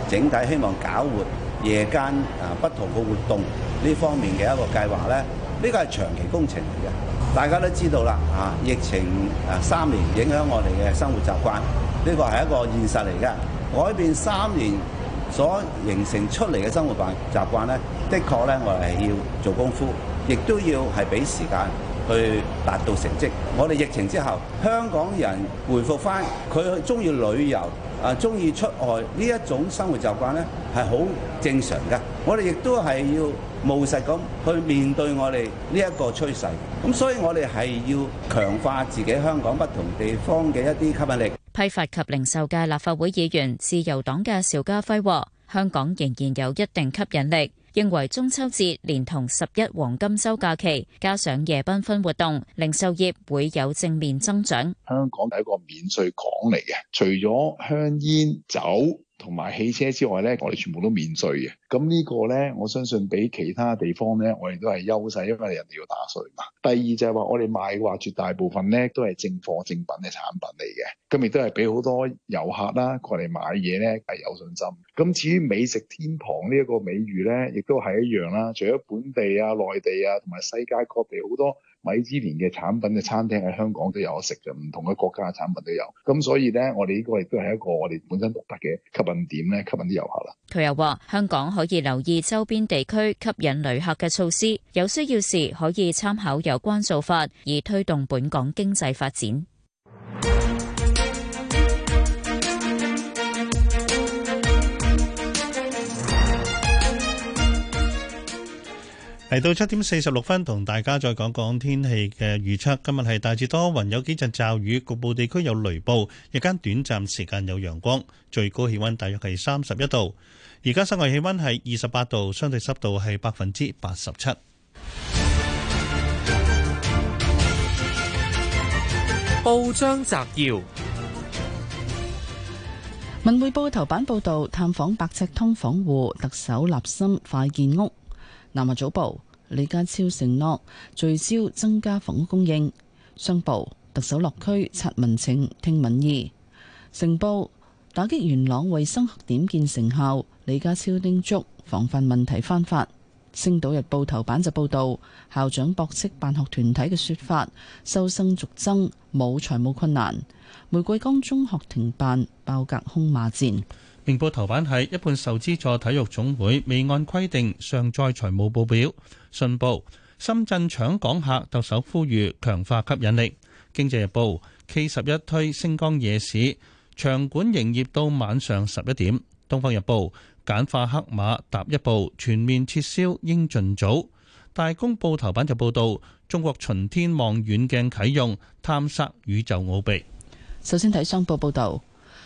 整體希望搞活。夜間啊，不同嘅活動呢方面嘅一個計劃咧，呢個係長期工程嚟嘅。大家都知道啦，啊，疫情啊三年影響我哋嘅生活習慣，呢個係一個現實嚟嘅。改變三年所形成出嚟嘅生活習慣咧，的確咧，我哋係要做功夫，亦都要係俾時間去達到成績，我哋疫情之後香港人回復翻，佢去中意旅遊。啊，中意出外呢一種生活習慣呢，係好正常噶。我哋亦都係要務實咁去面對我哋呢一個趨勢。咁所以我哋係要強化自己香港不同地方嘅一啲吸引力。
批發及零售界立法會議員自由黨嘅邵家輝話，香港仍然有一定吸引力。認為中秋節連同十一黃金周假期，加上夜繽紛活動，零售業會有正面增長。
香港係一個免稅港嚟嘅，除咗香煙、酒。同埋汽車之外呢，我哋全部都免稅嘅。咁呢個呢，我相信比其他地方呢，我哋都係優勢，因為人哋要打稅嘛。第二就係話，我哋賣嘅話，絕大部分呢都係正貨、正品嘅產品嚟嘅。咁亦都係俾好多遊客啦過嚟買嘢呢係有信心。咁至於美食天堂呢一個美譽呢，亦都係一樣啦。除咗本地啊、內地啊，同埋世界各地好多。米芝蓮嘅產品嘅餐廳喺香港都有食嘅，唔同嘅國家嘅產品都有。咁所以呢，我哋呢個亦都係一個我哋本身獨特嘅吸引點咧，吸引啲遊客啦。
佢又話香港可以留意周邊地區吸引旅客嘅措施，有需要時可以參考有關做法，以推動本港經濟發展。
嚟到七點四十六分，同大家再講講天氣嘅預測。今日係大致多雲，有幾陣驟雨，局部地區有雷暴，日間短暫時間有陽光，最高氣溫大約係三十一度。而家室外氣溫係二十八度，相對濕度係百分之八十七。報章摘要：
《文匯報》頭版報道，探訪白石通房戶，特首立心快建屋。南華早報，李家超承諾聚焦增加房屋供應；商報，特首落區察民情聽民意；成報，打擊元朗衛生黑點見成效，李家超叮囑防範問題翻發。星島日報頭版就報道校長駁斥辦學團體嘅說法，收生續增冇財務困難。玫瑰崗中學停辦，爆隔空罵
戰。明報頭版係一半受資助體育總會未按規定上載財務報表。信報：深圳搶港客，特首呼籲強化吸引力。經濟日報：K11 推星光夜市，場館營業到晚上十一點。東方日報：簡化黑馬踏一步，全面撤銷應盡早。大公報頭版就報，報道中國巡天望遠鏡啟用，探索宇宙奧秘。
首先睇商報報道。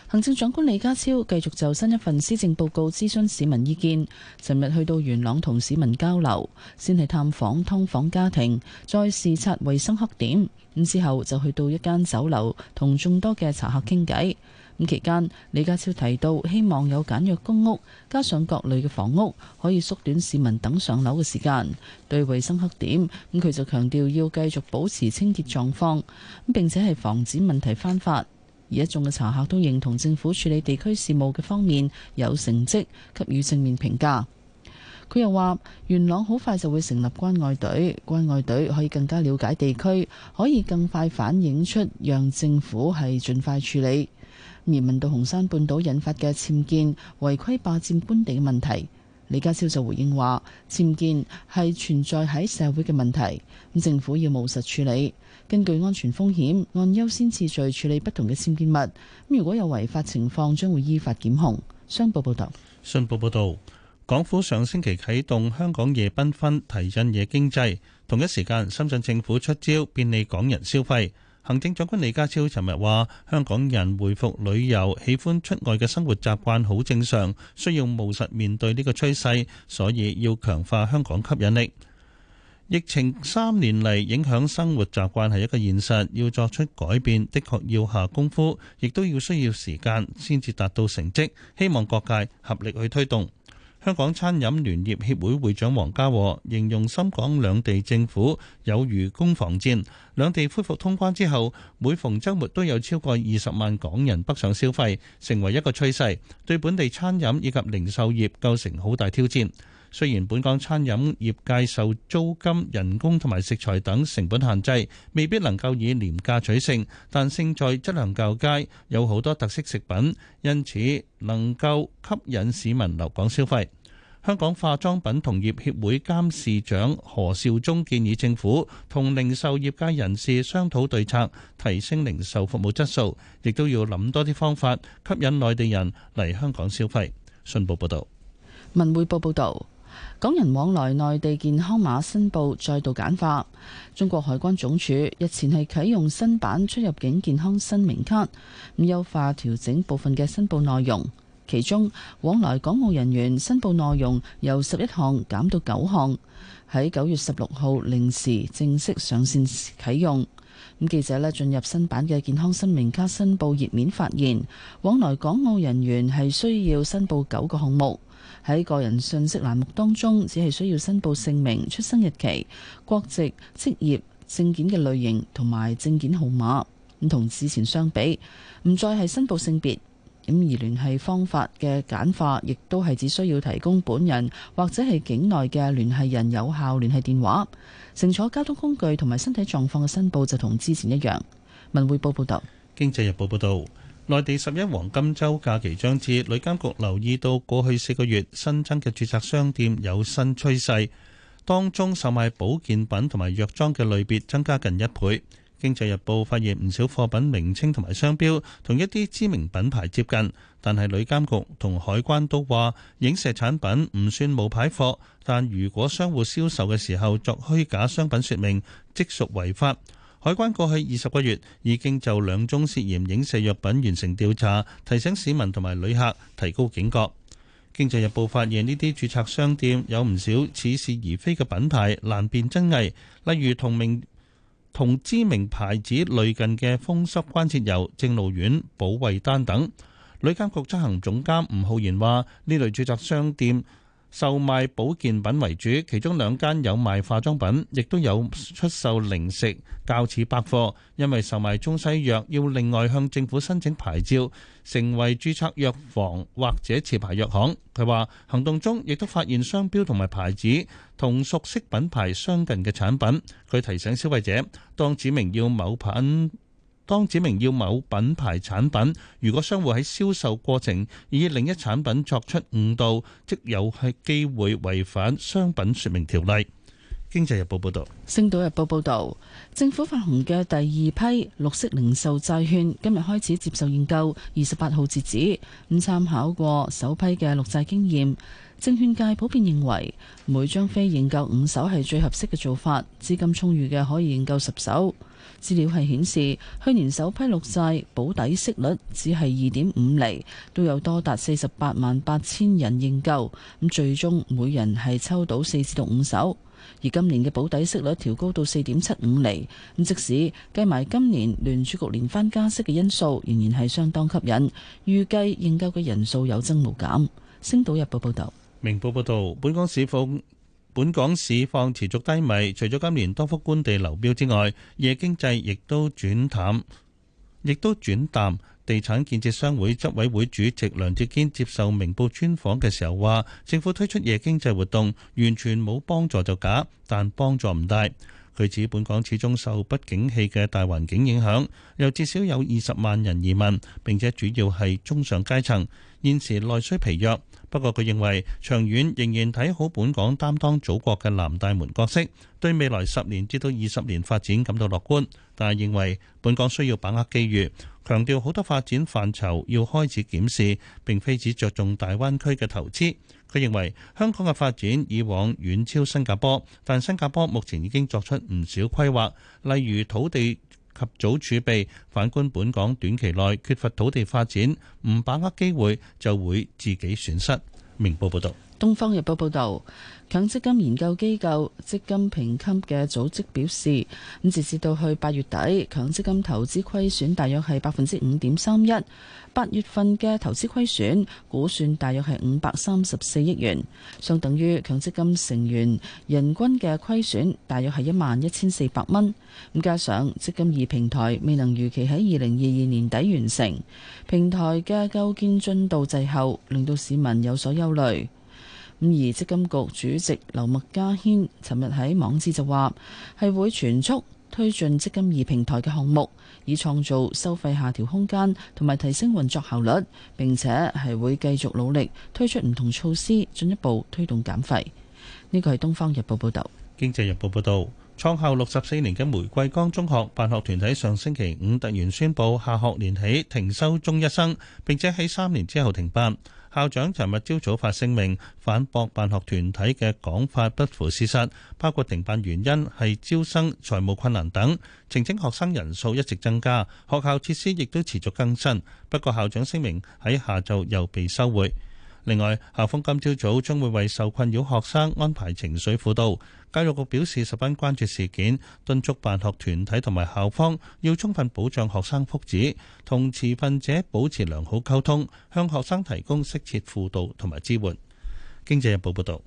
行政長官李家超繼續就新一份施政報告諮詢市民意見。尋日去到元朗同市民交流，先係探訪劏房家庭，再視察衞生黑點。咁之後就去到一間酒樓同眾多嘅茶客傾偈。咁期間，李家超提到希望有簡約公屋，加上各類嘅房屋，可以縮短市民等上樓嘅時間。對衞生黑點，咁佢就強調要繼續保持清潔狀況，咁並且係防止問題翻發。而一眾嘅茶客都認同政府處理地區事務嘅方面有成績，給予正面評價。佢又話：元朗好快就會成立關愛隊，關愛隊可以更加了解地區，可以更快反映出，讓政府係盡快處理。而問到紅山半島引發嘅僭建、違規霸佔官地嘅問題，李家超就回應話：僭建係存在喺社會嘅問題，政府要務實處理。根據安全風險，按優先次序處理不同嘅僭建物。如果有違法情況，將會依
法檢控。商報報導，信報報導，港府上星期啟動香港夜繽紛，提振夜經濟。同一時間，深圳政府出招，便利港人消費。行政長官李家超尋日話：香港人回復旅遊、喜歡出外嘅生活習慣好正常，需要務實面對呢個趨勢，所以要強化香港吸引力。疫情三年嚟影響生活習慣係一個現實，要作出改變，的確要下功夫，亦都要需要時間先至達到成績，希望各界合力去推動。香港餐飲聯業協會會長黃家和形容深港兩地政府有如攻防戰，兩地恢復通關之後，每逢週末都有超過二十萬港人北上消費，成為一個趨勢，對本地餐飲以及零售業構成好大挑戰。雖然本港餐飲業界受租金、人工同埋食材等成本限制，未必能夠以廉價取勝，但勝在質量較佳，有好多特色食品，因此能夠吸引市民留港消費。香港化妝品同業協會監事長何兆忠建議政府同零售業界人士商討對策，提升零售服務質素，亦都要諗多啲方法吸引內地人嚟香港消費。信報報導，
文匯報報導。港人往來內地健康碼申報再度簡化。中國海關總署日前係啟用新版出入境健康申明卡，咁優化調整部分嘅申報內容。其中往來港澳人員申報內容由十一項減到九項，喺九月十六號零時正式上線時啟用。咁記者呢進入新版嘅健康申明卡申報頁面發，發現往來港澳人員係需要申報九個項目。喺個人信息欄目當中，只係需要申報姓名、出生日期、國籍、職業、證件嘅類型同埋證件號碼。咁同之前相比，唔再係申報性別。咁而聯繫方法嘅簡化，亦都係只需要提供本人或者係境內嘅聯繫人有效聯繫電話。乘坐交通工具同埋身體狀況嘅申報就同之前一樣。文匯報報道，
《經濟日報》報道。內地十一黃金週假期將至，旅監局留意到過去四個月新增嘅註冊商店有新趨勢，當中售賣保健品同埋藥妝嘅類別增加近一倍。經濟日報發現唔少貨品名稱同埋商標同一啲知名品牌接近，但係旅監局同海關都話影射產品唔算冒牌貨，但如果商戶銷售嘅時候作虛假商品説明，即屬違法。海關過去二十個月已經就兩宗涉嫌影射藥品完成調查，提醒市民同埋旅客提高警覺。經濟日報發現呢啲注冊商店有唔少似是而非嘅品牌，難辨真偽，例如同名同知名牌子，類近嘅風濕關節油、正露丸、保衛丹等。旅監局執行總監吳浩然話：呢類注冊商店，售賣保健品為主，其中兩間有賣化妝品，亦都有出售零食、較似百貨。因為售賣中西藥要另外向政府申請牌照，成為註冊藥房或者持牌藥行。佢話行動中亦都發現商標同埋牌子同熟悉品牌相近嘅產品。佢提醒消費者，當指明要某品。當指明要某品牌產品，如果商戶喺銷售過程以另一產品作出誤導，即有係機會違反商品説明條例。經濟日報報導，
星島日報報導，政府發行嘅第二批綠色零售債券今日開始接受認購，二十八號截止。咁參考過首批嘅綠債經驗，證券界普遍認為每張飛認購五手係最合適嘅做法，資金充裕嘅可以認購十手。資料係顯示，去年首批綠債保底息率只係二點五厘，都有多達四十八萬八千人認購，咁最終每人係抽到四至到五手。而今年嘅保底息率調高到四點七五厘，咁即使計埋今年聯儲局連番加息嘅因素，仍然係相當吸引。預計認購嘅人數有增無減。星島日報報道，
明報報道，本港市況。本港市況持續低迷，除咗今年多幅官地流標之外，夜經濟亦都轉淡，亦都轉淡。地產建設商會執委會主席梁志堅接受明報專訪嘅時候話，政府推出夜經濟活動完全冇幫助就假，但幫助唔大。佢指本港始終受不景氣嘅大環境影響，又至少有二十萬人移民，並且主要係中上階層，現時內需疲弱。不過佢認為長遠仍然睇好本港擔當祖國嘅南大門角色，對未來十年至到二十年發展感到樂觀。但係認為本港需要把握機遇，強調好多發展範疇要開始檢視，並非只着重大灣區嘅投資。佢認為香港嘅發展以往遠超新加坡，但新加坡目前已經作出唔少規劃，例如土地，及早儲備，反觀本港短期內缺乏土地發展，唔把握機會就會自己損失。明報報道。
東方日報報道。強積金研究機構積金評級嘅組織表示，咁直至到去八月底，強積金投資虧損大約係百分之五點三一，八月份嘅投資虧損估算大約係五百三十四億元，相等於強積金成員人均嘅虧損大約係一萬一千四百蚊。咁加上積金二平台未能預期喺二零二二年底完成平台嘅構建進度滯後，令到市民有所憂慮。咁而積金局主席劉麥嘉軒，尋日喺網誌就話，係會全速推進積金二平台嘅項目，以創造收費下調空間同埋提升運作效率。並且係會繼續努力推出唔同措施，進一步推動減費。呢個係《東方
日報》報導，《經濟日報》報導，創校六十四年嘅玫瑰崗中學辦學團體上星期五突然宣布，下學年起停收中一生，並且喺三年之後停辦。校長尋日朝早發聲明反駁辦學團體嘅講法不符事實，包括停辦原因係招生財務困難等，澄清學生人數一直增加，學校設施亦都持續更新。不過校長聲明喺下晝又被收回。另外，校方今朝早將會為受困擾學生安排情緒輔導。教育局表示十分關注事件，敦促辦學團體同埋校方要充分保障學生福祉，同持份者保持良好溝通，向學生提供適切輔導同埋支援。經濟日報報道。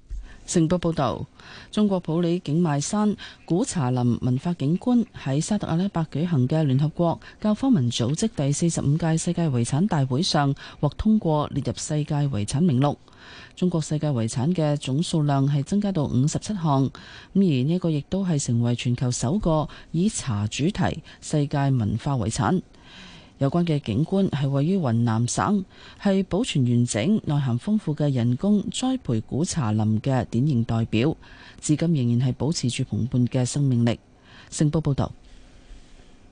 成報報導，中國普洱景邁山古茶林文化景觀喺沙特阿拉伯舉行嘅聯合國教科文組織第四十五屆世界遺產大會上，獲通過列入世界遺產名錄。中國世界遺產嘅總數量係增加到五十七項，咁而呢個亦都係成為全球首個以茶主題世界文化遺產。有關嘅景觀係位於雲南省，係保存完整、內涵豐富嘅人工栽培古茶林嘅典型代表，至今仍然係保持住蓬勃嘅生命力。星報報導，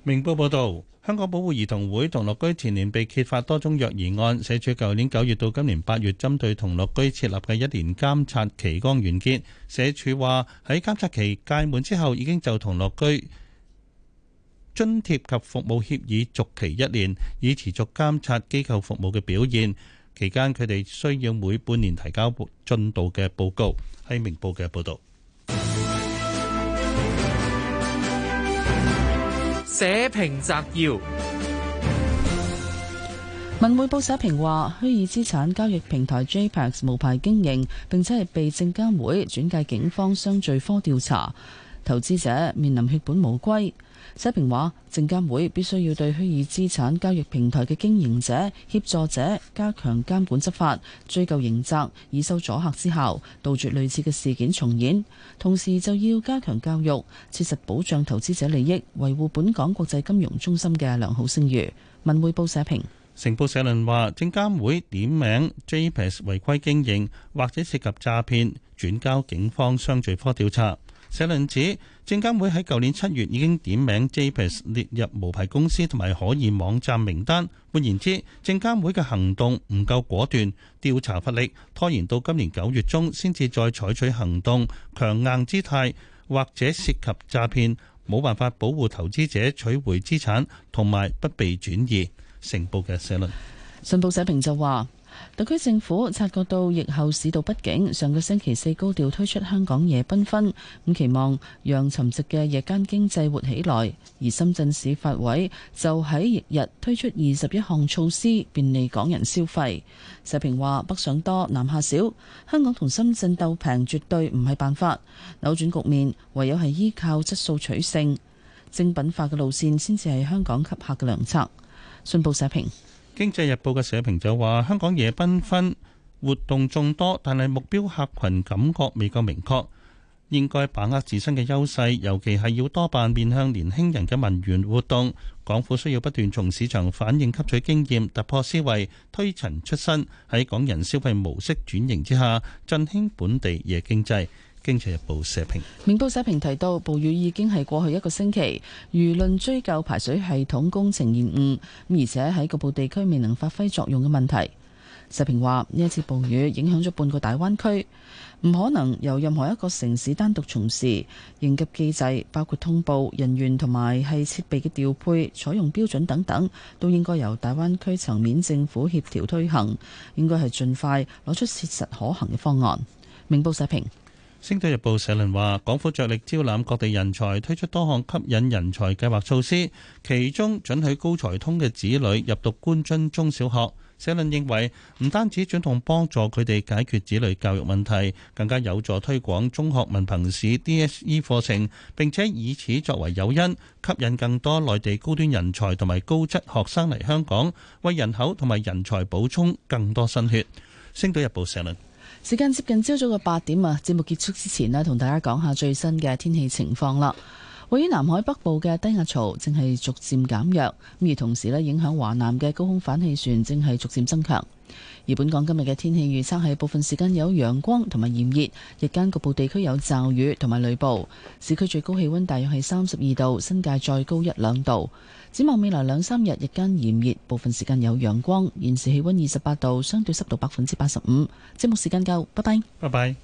明報報道：香港保護兒童會同樂居前年被揭發多宗虐兒案，社署舊年九月到今年八月針對同樂居設立嘅一年監察期剛完結，社署話喺監察期屆滿之後已經就同樂居。津貼及服務協議續期一年，以持續監察機構服務嘅表現。期間，佢哋需要每半年提交進度嘅報告。喺明報嘅報道，社評
摘要：
文匯報社評話，虛擬資產交易平台 JPEX 無牌經營，並且係被證監會轉介警方商罪科調查，投資者面臨血本無歸。社評話，證監會必須要對虛擬資產交易平台嘅經營者、協助者加強監管執法，追究刑責，以收阻嚇之效，杜絕類似嘅事件重演。同時就要加強教育，切實保障投資者利益，維護本港國際金融中心嘅良好聲譽。文匯報社評，
成報社論話，證監會點名 JPS 違規經營或者涉及詐騙，轉交警方商罪科調查。社論指證監會喺舊年七月已經點名 JPEX 列入無牌公司同埋可疑網站名單。換言之，證監會嘅行動唔夠果斷，調查乏力，拖延到今年九月中先至再採取行動，強硬姿態或者涉及詐騙，冇辦法保護投資者取回資產同埋不被轉移。成報嘅社論，信報社評就話。
特區政府察覺到疫後市道不景，上個星期四高調推出香港夜繽紛，咁期望讓沉寂嘅夜間經濟活起來。而深圳市發委就喺翌日，日推出二十一項措施，便利港人消費。社評話：北上多，南下少，香港同深圳鬥平絕對唔係辦法，扭轉局面唯有係依靠質素取勝，精品化嘅路線先至係香港吸客嘅良策。信報社評。
經濟日報嘅社評就話：香港夜繽紛活動眾多，但係目標客群感覺未夠明確，應該把握自身嘅優勢，尤其係要多辦面向年輕人嘅文娛活動。港府需要不斷從市場反應吸取經驗，突破思維，推陳出新，喺港人消費模式轉型之下，振興本地夜經濟。經濟日報社評，
明報社評提到，暴雨已經係過去一個星期，輿論追究排水系統工程延誤，而且喺局部地區未能發揮作用嘅問題。社評話：呢一次暴雨影響咗半個大灣區，唔可能由任何一個城市單獨從事應急機制，包括通報人員同埋係設備嘅調配、採用標準等等，都應該由大灣區層面政府協調推行。應該係盡快攞出切實可行嘅方案。明報社評。
星島日報社論話，港府着力招攬各地人才，推出多項吸引人才計劃措施，其中准許高才通嘅子女入讀官津中小學。社論認為，唔單止主動幫助佢哋解決子女教育問題，更加有助推廣中學文憑試 DSE 課程，並且以此作為誘因，吸引更多內地高端人才同埋高質學生嚟香港，為人口同埋人才補充更多新血。星島日報社論。
時間接近朝早嘅八點啊，節目結束之前呢，同大家講下最新嘅天氣情況啦。位於南海北部嘅低壓槽正係逐漸減弱，咁而同時呢，影響華南嘅高空反氣旋正係逐漸增強。而本港今日嘅天氣預測係部分時間有陽光同埋炎熱，日間局部地區有驟雨同埋雷暴。市區最高氣溫大約係三十二度，新界再高一兩度。展望未來兩三日，日間炎熱，部分時間有陽光。現時氣溫二十八度，相對濕度百分之八十五。節目時間夠，拜拜。
拜拜。